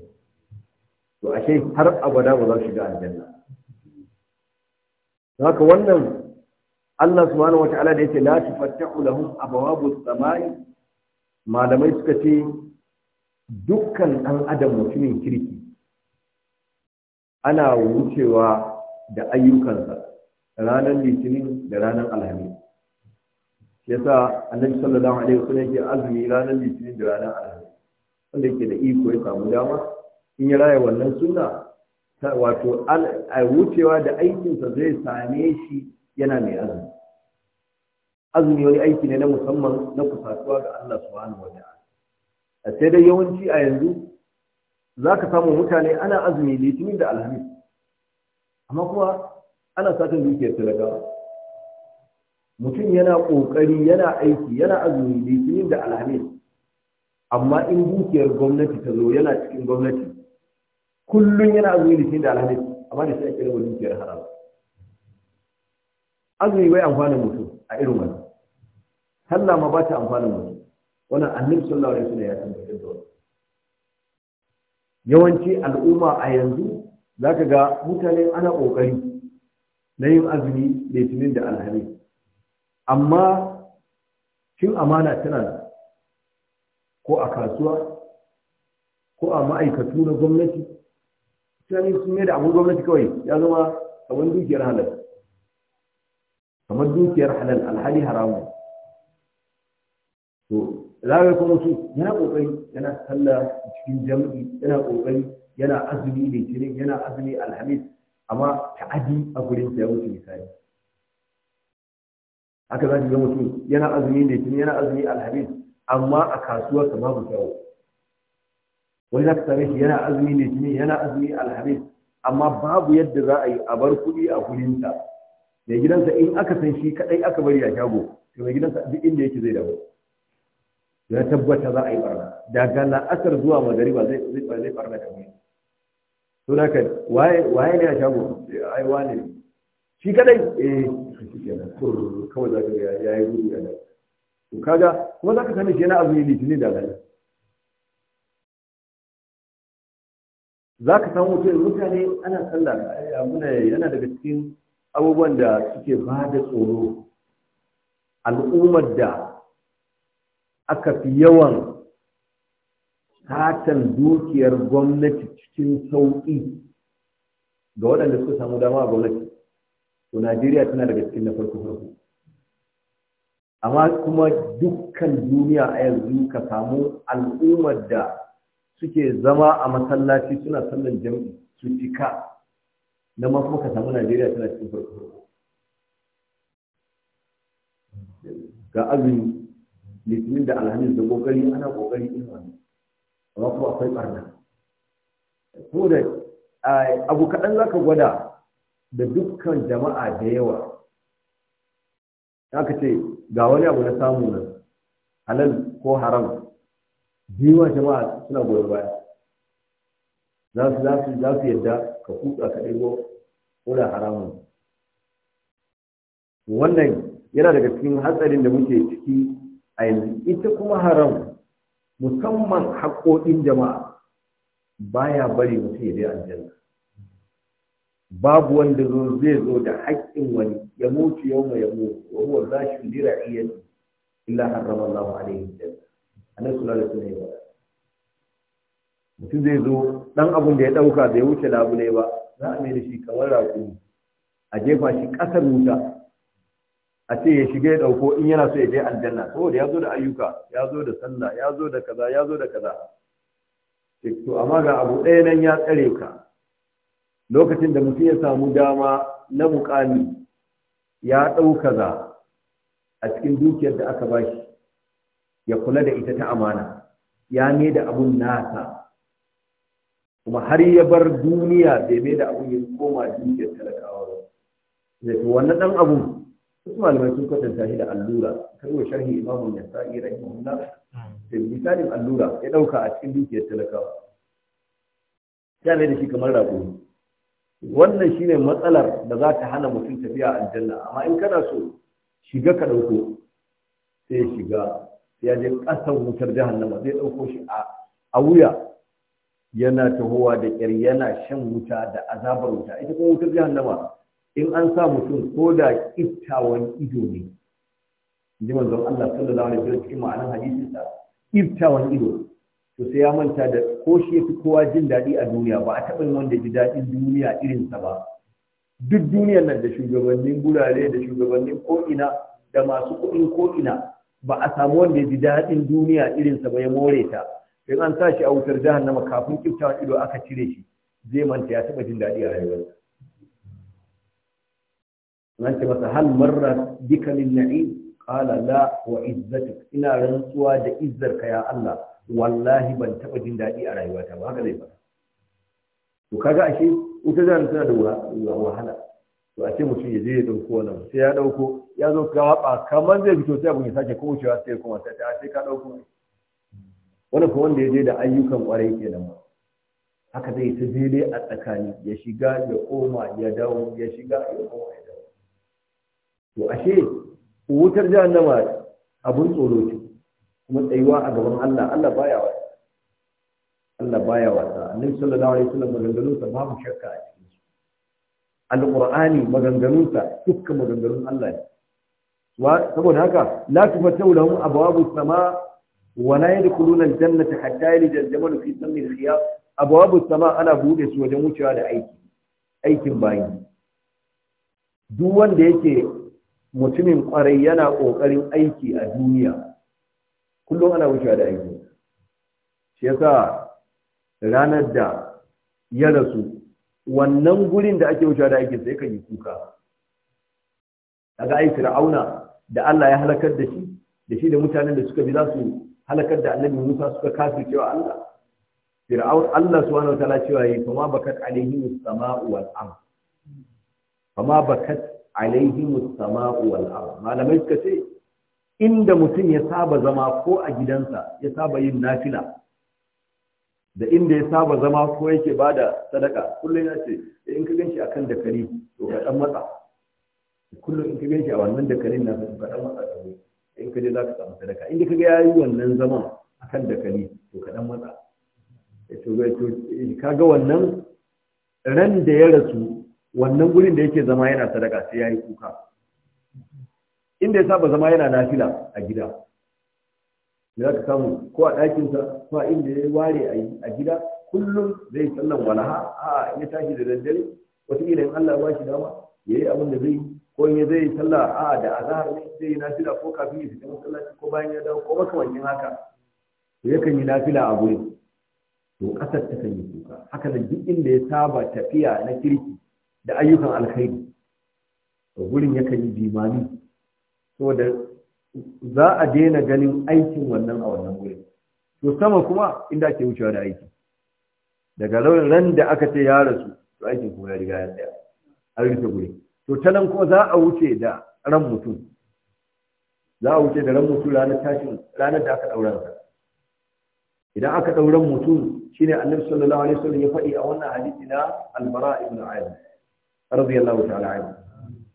to ashe har abada ba za su shiga aljanna haka wannan Allah subhanahu wata'ala da yake la tufattahu lahum abwabus samai malamai suka ce dukkan ɗan adam mutumin kirki ana wucewa da ayyukansa ranar litinin da ranar alhamis yasa annabi sallallahu alaihi wasallam yake azumi ranar litinin da ranar alhamis wanda yake da iko ya samu dama in ya raya wannan sunna wato a wucewa da aikinsa zai same shi yana mai azumi azumi wani aiki ne na musamman na kusatuwa ga Allah subhanahu wa ta'ala a sai dai yawanci a yanzu za ka samu mutane ana azumi litinin da alhamis amma kuma ana satin dukiyar talakawa mutum yana ƙoƙari yana aiki yana azumi litinin da alhamis amma in dukiyar gwamnati ta zo yana cikin gwamnati kullum yana azumi litinin da alhamis amma da shi ake raba dukiyar haram azumi bai amfanin mutum a irin wani, sallama ma ba ta amfanin mutum wannan annabi sallallahu alaihi wasallam ya tabbata da wannan yawanci al'umma a yanzu zaka ga mutane ana kokari na yin azumi litinin da alhamis amma cin amana tana ko a kasuwa ko a ma'aikatu na gwamnati tunanin sun mai da abun gwamnati kawai ya zama abin dukiyar halal kamar dukiyar halal alhali haramun to zaga kuma su yana kokari yana sallah cikin jam'i yana kokari yana azumi ne cire yana azumi alhamis amma ta'adi a gurin ta ya wuce misali haka za ki ga mutum yana azumi ne cire yana azumi alhamis amma a kasuwa sa babu kyawu wani za ka same shi yana azumi ne cire yana azumi alhamis amma babu yadda za a yi a bar kuɗi a ta. mai gidansa in aka san shi kaɗai aka bari a shago to mai gidansa duk inda yake zai dawo ya tabbata za a yi barna daga la'asar zuwa magariba zai zai barna da wani to na kai waye waye ne a shago ai wane ne shi kadai eh kawai za ka ga ya yi gudu nan to kaga kuma za ka sani shi yana abu ne litini da gani za ka samu mutum mutane ana sallah muna yana daga cikin abubuwan da suke ba da tsoro al'ummar da aka fi yawan satan dukiyar gwamnati cikin sauƙi ga waɗanda suka samu dama a gwamnati to najeriya tana daga cikin na farko farko amma kuma dukkan duniya a yanzu ka samu al'ummar da suke zama a masallaci suna sallan jam'i su cika na ma kuma ka samu najeriya tana cikin farko farko ga azumi litinin da alhamis da kokari ana kokari in wani amma kuma akwai barna ko da abu kaɗan za ka gwada da dukkan jama'a da yawa za ka ce ga wani abu na samu nan halal ko haram jiwa jama'a suna goyon baya za su za su za su yadda ka kutsa ka ɗigo ko da haramun wannan yana daga cikin hatsarin da muke ciki ainihin ita kuma haram musamman haƙoƙin jama'a baya bari mutum ya je aljanna babu wanda zai zo da haƙƙin wani ya mutu yau mai ya mutu wa huwa zashin dira'iyyati illa harrama Allahu alaihi janna suna da suna yi ba mutum zai zo dan abun da ya dauka bai wuce labule ba za a mai da shi kamar raƙumi a jefa shi ƙasar wuta a ce ya shiga ya dauko in yana so ya je aljanna saboda ya zo da ayyuka ya zo da sallah ya zo da kaza ya zo da kaza to amma ga abu ɗaya nan ya tsare ka lokacin da mutum ya samu dama na mukami ya ɗau kaza a cikin dukiyar da aka ba shi ya kula da ita ta amana ya ne da abun nasa kuma har ya bar duniya bai mai da abun ya koma dukiyar talakawa ba zai wannan ɗan abu. wasu malamai sun kwatanta shi da allura kai wa sharhi imamu da sa'i rahimahullah hmm. da misalin allura ya ɗauka a cikin dukiyar talakawa ya mai da shi kamar rago wannan shine matsalar da za ta hana mutum tafiya aljanna amma in kana so shiga ka ɗauko. sai shiga ya je ƙasan wutar jahannama zai ɗauko shi a wuya yana tahowa da ƙyar yana shan wuta da azabar wuta ita kuma wutar jahannama in an sa mutum ko da iftawan ido ne inji manzon Allah sallallahu alaihi wasallam cikin ma'anar hadisin sa kiftawan ido to sai ya manta da ko shi yafi kowa jin daɗi a duniya ba a taɓa yin wanda ji daɗin duniya irin sa ba duk duniyar nan da shugabannin gurare da shugabannin ko'ina da masu kuɗin ko'ina ba a samu wanda ya ji daɗin duniya irin sa ba ya more ta in an sa shi a wutar jahannama kafin iftawan ido aka cire shi zai manta ya taɓa jin daɗi a rayuwarsa na ce masa hal marra bika lil na'im qala la wa izzatik ina rantsuwa da izzarka ya Allah wallahi ban taba jin daɗi a rayuwata ba haka zai ba to kaga ashe ita zan tana da wahala to a ce mutum ya je ya dauko wannan sai ya dauko. ya zo ka waɓa kamar zai fito sai abin ya sake kuma cewa sai kuma sai a ce ka dauko wani ko wanda ya je da ayyukan kwarai kenan ma haka zai ta daidai a tsakani ya shiga ya koma ya dawo ya shiga ya koma to ashe wutar jahannama abun tsoro ce kuma tsayuwa a gaban Allah Allah baya wasa Allah baya wasa annabi sallallahu alaihi wasallam maganganun sa babu shakka a cikin su alqur'ani maganganun sa dukkan maganganun Allah ne wa saboda haka la tufatu lahum abwabu sama wa la yadkhuluna aljannata hatta yalija aljamal fi sammi alkhiyat abwabu sama ana bude su wajen wucewa da aiki aikin bayi duk wanda yake mutumin kwarai yana kokarin aiki a duniya kullum ana wucewa da aiki shi yasa ranar da ya rasu wannan gurin da ake wucewa da aiki sai kan yi kuka daga ai fir'auna da Allah ya halakar da shi da shi da mutanen da suka bi za su halakar da annabi Musa suka kafir cewa Allah fir'aun Allah subhanahu wa ta'ala cewa yi kuma bakat alaihim as-sama'u wal ard kuma bakat alaihimus sama'u wal ard malamai suka ce inda mutum ya saba zama ko a gidansa ya saba yin nafila da inda ya saba zama ko yake bada sadaka kullum ya ce eh, in ka ganshi akan dakari to ka dan matsa kullum in ka ganshi a wannan dakarin na ka dan matsa ka in ka je za ka samu sadaka inda ka ga yayi wannan zaman akan dakari to ka dan matsa eh, to ka ga wannan ran da ya rasu wannan gurin da yake zama yana sadaka sai ya yi kuka inda ya saba zama yana nafila a gida da za ka samu ko a ɗakinsa ko a inda ya ware a gida kullum zai sallan walaha a ya tashi da daddare wataƙila in Allah ba shi dama ya yi abin da zai ko in zai yi sallah a da azahar ne zai yi nafila ko kafin ya fita masallaci ko bayan ya dawo ko makamancin haka to yakan yi nafila a gurin to ƙasar ta kan yi kuka haka da duk inda ya saba tafiya na kirki da ayyukan alkhairi to gurin yakan yi jimami saboda za a daina ganin aikin wannan a wannan gurin to sama kuma inda ake wucewa da aiki daga ran da aka ce ya rasu to aikin kuma ya riga ya tsaya an rufe gurin to ta nan kuma za a wuce da ran mutum za a wuce da ran mutum ranar tashin ranar da aka daura sa idan aka daura mutum shine annabi sallallahu alaihi wasallam ya faɗi a wannan hadisi na albara ibn azib radiyallahu ta'ala anhu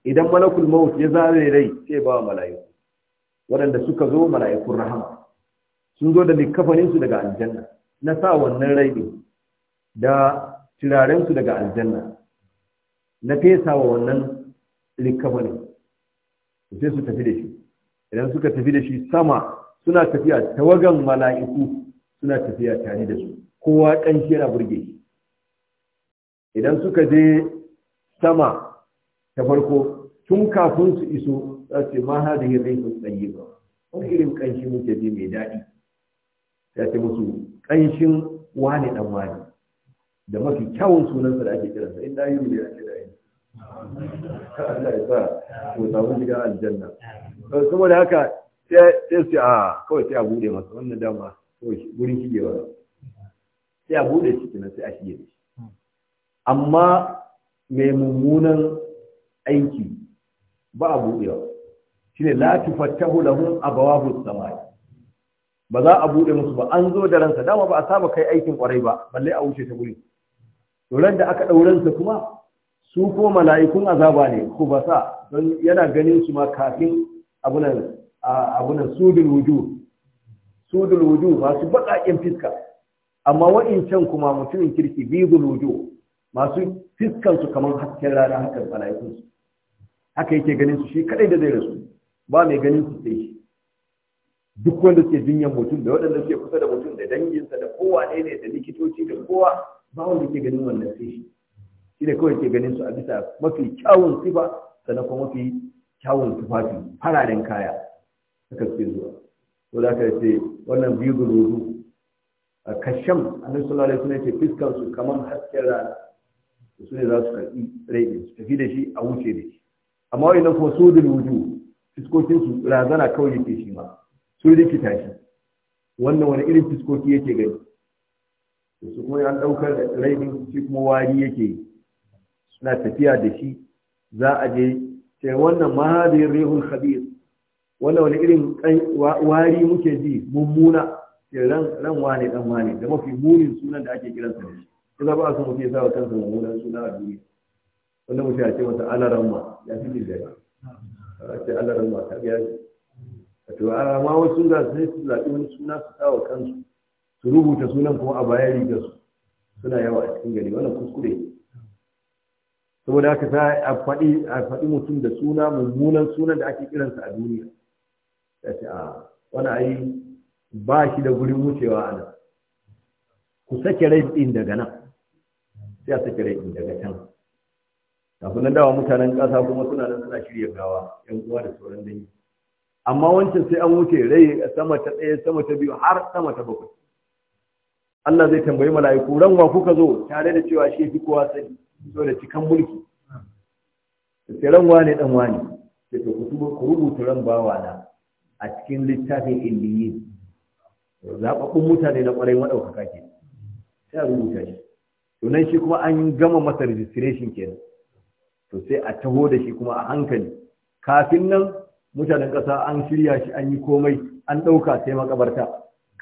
idan malakul maut ya zare rai sai ba mala'iku waɗanda suka zo mala'ikun rahama sun zo da likafanin su daga aljanna na sa wannan rai ne da turaren su daga aljanna na fesa wa wannan likafanin sai su tafi da shi idan suka tafi da shi sama suna tafiya tawagan mala'iku suna tafiya tare da su kowa kanshi yana burge shi idan suka je sama ta farko tun kafin su iso za su ma hada da zai sun tsaye ba wani irin ƙanshi muke ji mai daɗi ya ce musu ƙanshin wani ɗan wani da mafi kyawun sunansa da ake kiransa in da yi da ake da yi Allah ya sa ko samu shiga aljanna saboda haka sai sai a ah, kawai sai a bude masa wannan dama kawai gurin shigewa sai a bude shi kenan sai a shige shi amma mai mummunan aiki ba a buɗewa shi ne la tufattahu lahum abawahu samai ba za a buɗe musu ba an zo da ransa dama ba a saba kai aikin kwarai ba balle a wuce ta guri ɗoran da aka su kuma su ko mala'ikun azaba ne ko ba sa don yana ganin su ma kafin abunan abunan sudul wuju sudul masu baƙaƙen fiska amma wa'incan kuma mutumin kirki bidul wuju. masu fiskansu kamar hasken rana haka mala'ikunsu haka yake ganin su shi kadai da zai rasu ba mai ganin su sai duk wanda suke jinyan mutum da waɗanda suke kusa da mutum da danginsa da kowa ne ne da likitoci da kowa ba wanda ke ganin wannan sai shi shi kawai ke ganin su a bisa mafi kyawun sifa sannan kuma mafi kyawun tufafi fararen kaya suka suke zuwa to da aka ce wannan biyu gudu a kasham annabi sallallahu alaihi kamar hasken rana su ne za su karɓi rai su tafi da shi a wuce da shi amma wani nan kuma su da wuju fiskokin su razana kawai yake shi ma su rikita shi wannan wani irin fiskoki yake gani su kuma an ɗaukar rai shi kuma wari yake suna tafiya da shi za a je sai wannan mahadin rehun khabir wannan wani irin wari muke ji mummuna sai ran wane dan wane da mafi munin sunan da ake kiransa da shi ina ba su mutu ya sa wa kansa mummunan suna a duniya wanda mutum ya ce masa alaramma ya fi jin daɗi a ce alaramma ta biya ji a to a ma wasu suna sai su zaɓi wani suna su sa wa kansu su rubuta sunan kuma a bayan rigar su suna yawa a cikin gari wannan kuskure saboda aka ta a faɗi a faɗi mutum da suna mummunan sunan da ake kiransa a duniya ya ce a wani ayi ba shi da gurin wucewa a nan ku sake rai daga nan sai a saki rai daga can kafin nan dawa mutanen ƙasa kuma suna nan suna shirya gawa yan uwa da sauran dangi amma wancan sai an wuce rai sama ta ɗaya sama ta biyu har sama ta bakwai Allah zai tambayi mala'iku ran wa kuka zo tare da cewa shi fi kowa sani so da cikan mulki sai ran ne dan wane sai to ku tuba ku rubuta ran bawa na a cikin littafin indiyin Zaɓaɓɓun mutane na kwarai maɗaukaka ke sai a rubuta shi to shi kuma an gama masa registration kenan to sai a taho da shi kuma a hankali kafin nan mutanen ƙasa an shirya shi an yi komai an ɗauka sai makabarta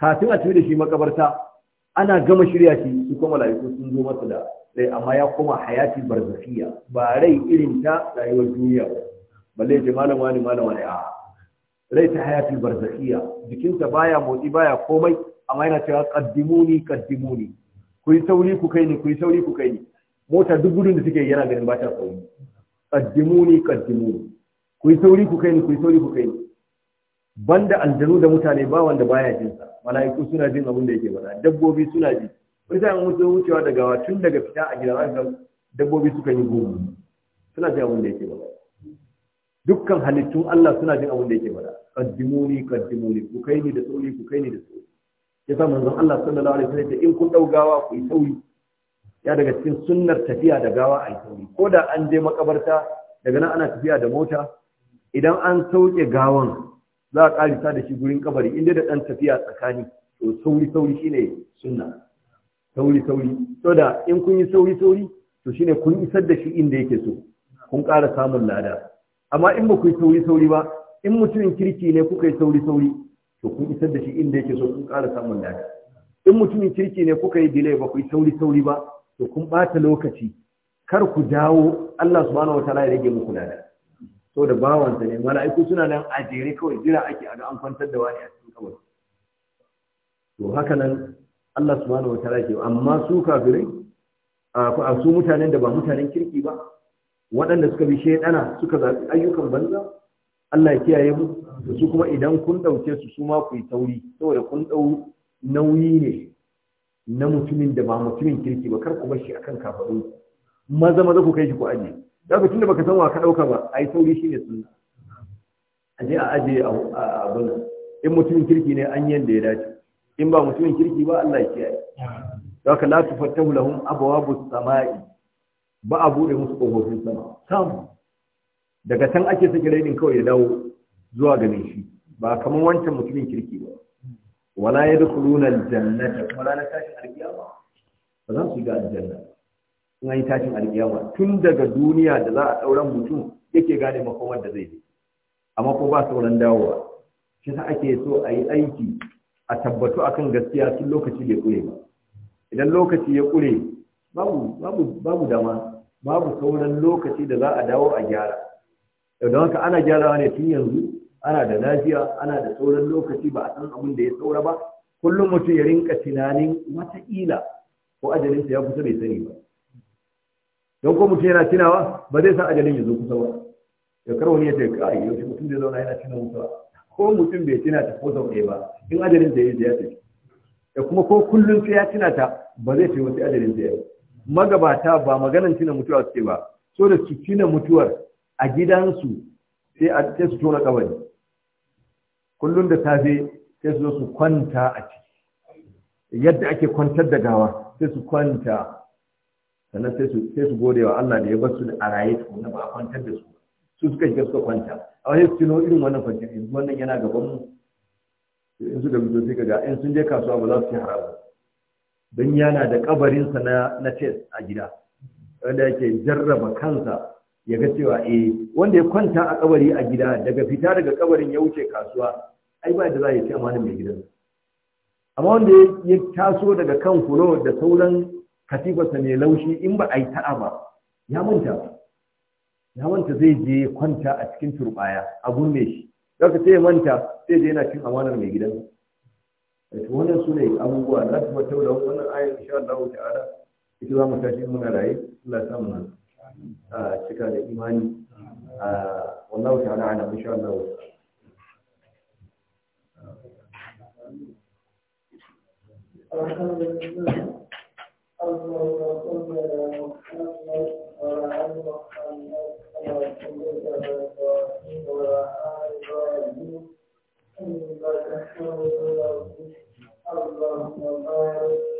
kafin a tafi da shi makabarta ana gama shirya shi su kuma mala'iku sun zo masa da rai amma ya koma hayati barzafiya ba rai irin ta rayuwar duniya balle ya ce malam wani malam wani a. rai ta hayati barzakiya jikinsa baya motsi baya komai amma yana cewa kaddimuni kaddimuni ku yi sauri ku kai ni ku yi sauri ku kai ni mota duk gudun da suke yana ganin ba ta kaddimu ni kaddimu. ku yi sauri ku kai ni ku yi sauri ku kai ni banda aljanu da mutane ba wanda baya jin sa mala'iku suna jin abin da yake faɗa dabbobi suna ji wani sai an wuce wucewa daga wa tun daga fita a gida zaka dabbobi suka yi gumu suna jin abin da yake faɗa dukkan halittun Allah suna jin abin da yake faɗa kaddimu ni ku kai ni da sauri ku kai ni da sauri ya sa manzon Allah sallallahu alaihi wasallam in kun dau gawa ku yi sauri ya daga cikin sunnar tafiya da gawa a yi sauri ko da an je makabarta daga nan ana tafiya da mota idan an sauke gawan za a karisa da shi gurin kabari inda da dan tafiya tsakani to sauri sauri shine sunna sauri sauri to da in kun yi sauri sauri to shine kun isar da shi inda yake so kun ƙara samun lada amma in ba ku yi sauri sauri ba in mutumin kirki ne kuka yi sauri sauri to kun isar da shi inda yake so kun ƙara samun lada in mutumin kirki ne kuka yi delay ba ku yi sauri sauri ba to kun ɓata lokaci kar ku dawo Allah subhanahu ta'ala ya rage muku lada so da bawansa ne mala'iku suna nan a jere kawai jira ake a ga an kwantar da wani a cikin kabari to haka nan Allah subhanahu ta'ala ke amma su kafirai a su mutanen da ba mutanen kirki ba waɗanda suka bi shaidana suka zaɓi ayyukan banza Allah ya kiyaye mu da su kuma idan kun ɗauke su su ma ku yi tauri saboda kun ɗau nauyi ne na mutumin da ba mutumin kirki ba kar ku bar shi akan kafaɗu maza maza ku kai shi ku aje da ka tunda baka san wa ka ɗauka ba ai tauri shine sunna aje a aje a abin in mutumin kirki ne an yanda ya dace in ba mutumin kirki ba Allah ya kiyaye da ka la tufattahu lahum abwaabus samai ba a bude musu kofofin sama samu daga can ake sake rainin kawai ya dawo zuwa ga shi ba kamar wancan mutumin kirki ba wala ya dukuluna jannata kuma ranar tashin alkiyama ba za su yi ga aljanna in an yi tashin alkiyama tun daga duniya da za a ɗauran mutum yake gane makomar da zai yi amma ko ba sauran dawowa shi sa ake so a yi aiki a tabbatu akan gaskiya tun lokaci bai kure ba idan lokaci ya kure babu babu babu dama babu sauran lokaci da za a dawo a gyara don haka ana gyarawa ne tun yanzu ana da lafiya ana da sauran lokaci ba a san abin da ya saura ba kullum mutum ya rinka tunanin wataƙila ko ajalinsa ya kusa bai sani ba don ko mutum yana tunawa ba zai san ajalin ya zo kusa ba da karo ne ya ce kai yaushe mutum zai zauna yana tuna mutuwa ko mutum bai tuna ta ko sau ɗaya ba in ajalin da ya ya tafi da kuma ko kullum sai ya tuna ta ba zai ce wasu ajalin da ya magabata ba maganan tuna mutuwa suke ba so da su tuna mutuwar a gidansu sai a ce su tona kabari kullum da safe sai su zo su kwanta a ciki yadda ake kwantar da gawa sai su kwanta sannan sai su sai su gode wa Allah da ya basu da araye kuma ba a kwantar da su su suka shiga suka kwanta a wani su tuno irin wannan kwanciyar yanzu wannan yana gaban mu in suka fito sai ga, in sun je kasuwa ba za su ci haramu don yana da kabarinsa na na tes a gida wanda yake jarraba kansa ya ga cewa eh wanda ya kwanta a kabari a gida daga fita daga kabarin ya wuce kasuwa ai ba da za ya ci amanar mai gidan amma wanda ya taso daga kan fulo da sauran katifarsa mai laushi in ba a yi ta'a ba ya manta ya manta zai je kwanta a cikin turbaya a gunne shi daga sai ya manta sai je yana cin amanar mai gidan to wannan su ne abubuwa za su da wannan ayar insha Allah ta'ala ita za mu tashi muna raye Allah ya samu cika da imani wallahu ta'ala ala insha Allah اللهم صل على محمد وعلى ال محمد كما صليت على ابراهيم وعلى ال ابراهيم انك حميد مجيد اللهم بارك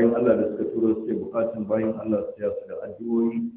bayan Allah da suka turo suke bukatun bayan Allah su yasu da addu'o'i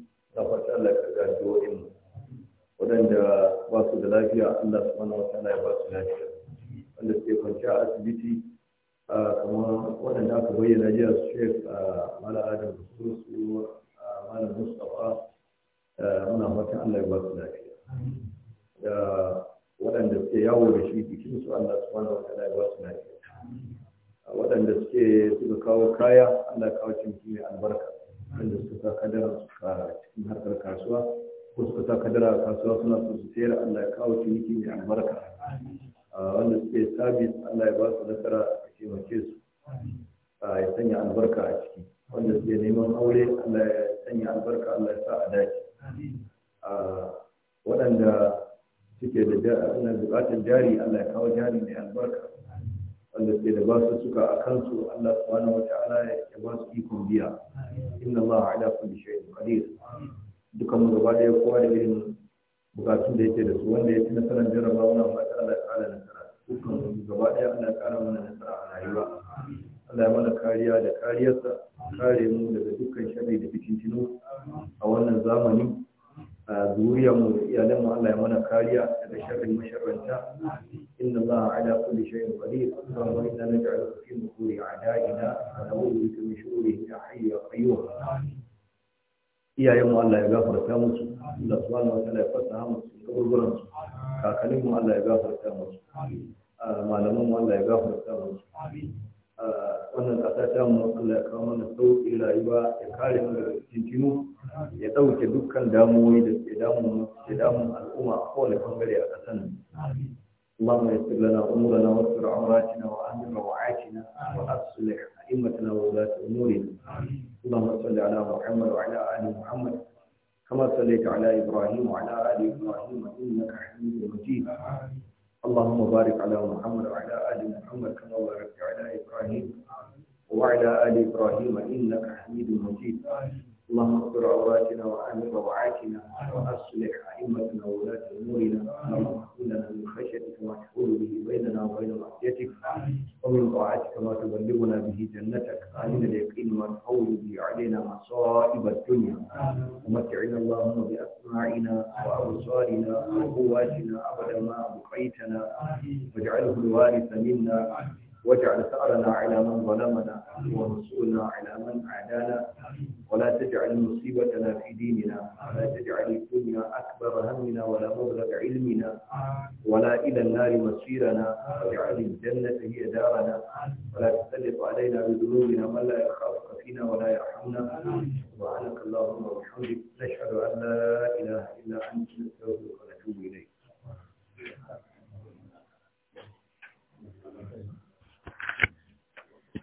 mu ciniki mai albarka wanda suke sabis Allah ya ba su nasara a taimake su ya sanya albarka a ciki wanda suke neman aure Allah ya sanya albarka Allah ya sa a dace waɗanda suke da buƙatar jari Allah ya kawo jari mai albarka wanda suke da ba su suka a kansu Allah subhanahu wa ta'ala ya ba su ikon biya inna Allah ala kulli shay'in qadir dukan mu gaba ɗaya kowa da irin bukatu da yake da su wanda ya fi nasarar jarrabawa na fata Allah ya kara nasara dukkan su gaba ɗaya Allah ya kara mana nasara a rayuwa Allah ya mana kariya da kariyarsa kare mu daga dukkan sharri da fitintinu a wannan zamani a zuriyar mu da iyalan mu Allah ya mana kariya daga sharrin masharranta inna Allah ala kulli shay'in qadir wa inna naj'aluka fi nufuri a'da'ina wa na'udhu bika min shururi ya hayy ya qayyum iyayen mu Allah ya gafarta musu Allah subhanahu wa ta'ala ya fasaha musu gurgurun su kakannin mu Allah ya gafarta musu ah, malaman mu Allah ya gafarta musu ah, wannan kasa ta mu Allah ya kawo mana sauƙi rayuwa ya kare mu daga cikin ya ɗauke dukkan damuwoyi da ke damun al'umma a kowane bangare a ƙasar nan اللهم يسر لنا امورنا واستر عوراتنا وامن روعاتنا واصلح ائمتنا وولاة امورنا اللهم صل على محمد وعلى ال محمد كما صليت على ابراهيم وعلى ال ابراهيم انك حميد مجيد اللهم بارك على محمد وعلى ال محمد كما باركت على ابراهيم وعلى ال ابراهيم انك حميد مجيد اللهم اغفر عوراتنا وآمن روعاتنا وأصلح أئمتنا وولاة أمورنا اللهم اغفر لنا من خشيتك ما تحول به بيننا وبين معصيتك ومن طاعتك ما تبلغنا به جنتك آمن اليقين ما تحول به علينا مصائب الدنيا ومتعنا اللهم بأسماعنا وأبصارنا وقواتنا أبدا ما أبقيتنا واجعله الوارث منا واجعل ثأرنا على من ظلمنا ورسولنا على من عادانا ولا تجعل مصيبتنا في ديننا ولا تجعل الدنيا أكبر همنا ولا مبلغ علمنا ولا إلى النار مصيرنا واجعل الجنة هي دارنا ولا تسلط علينا بذنوبنا من لا يخافك فينا ولا يرحمنا سبحانك اللهم وبحمدك نشهد أن لا إله إلا أنت نستغفرك ونتوب إليك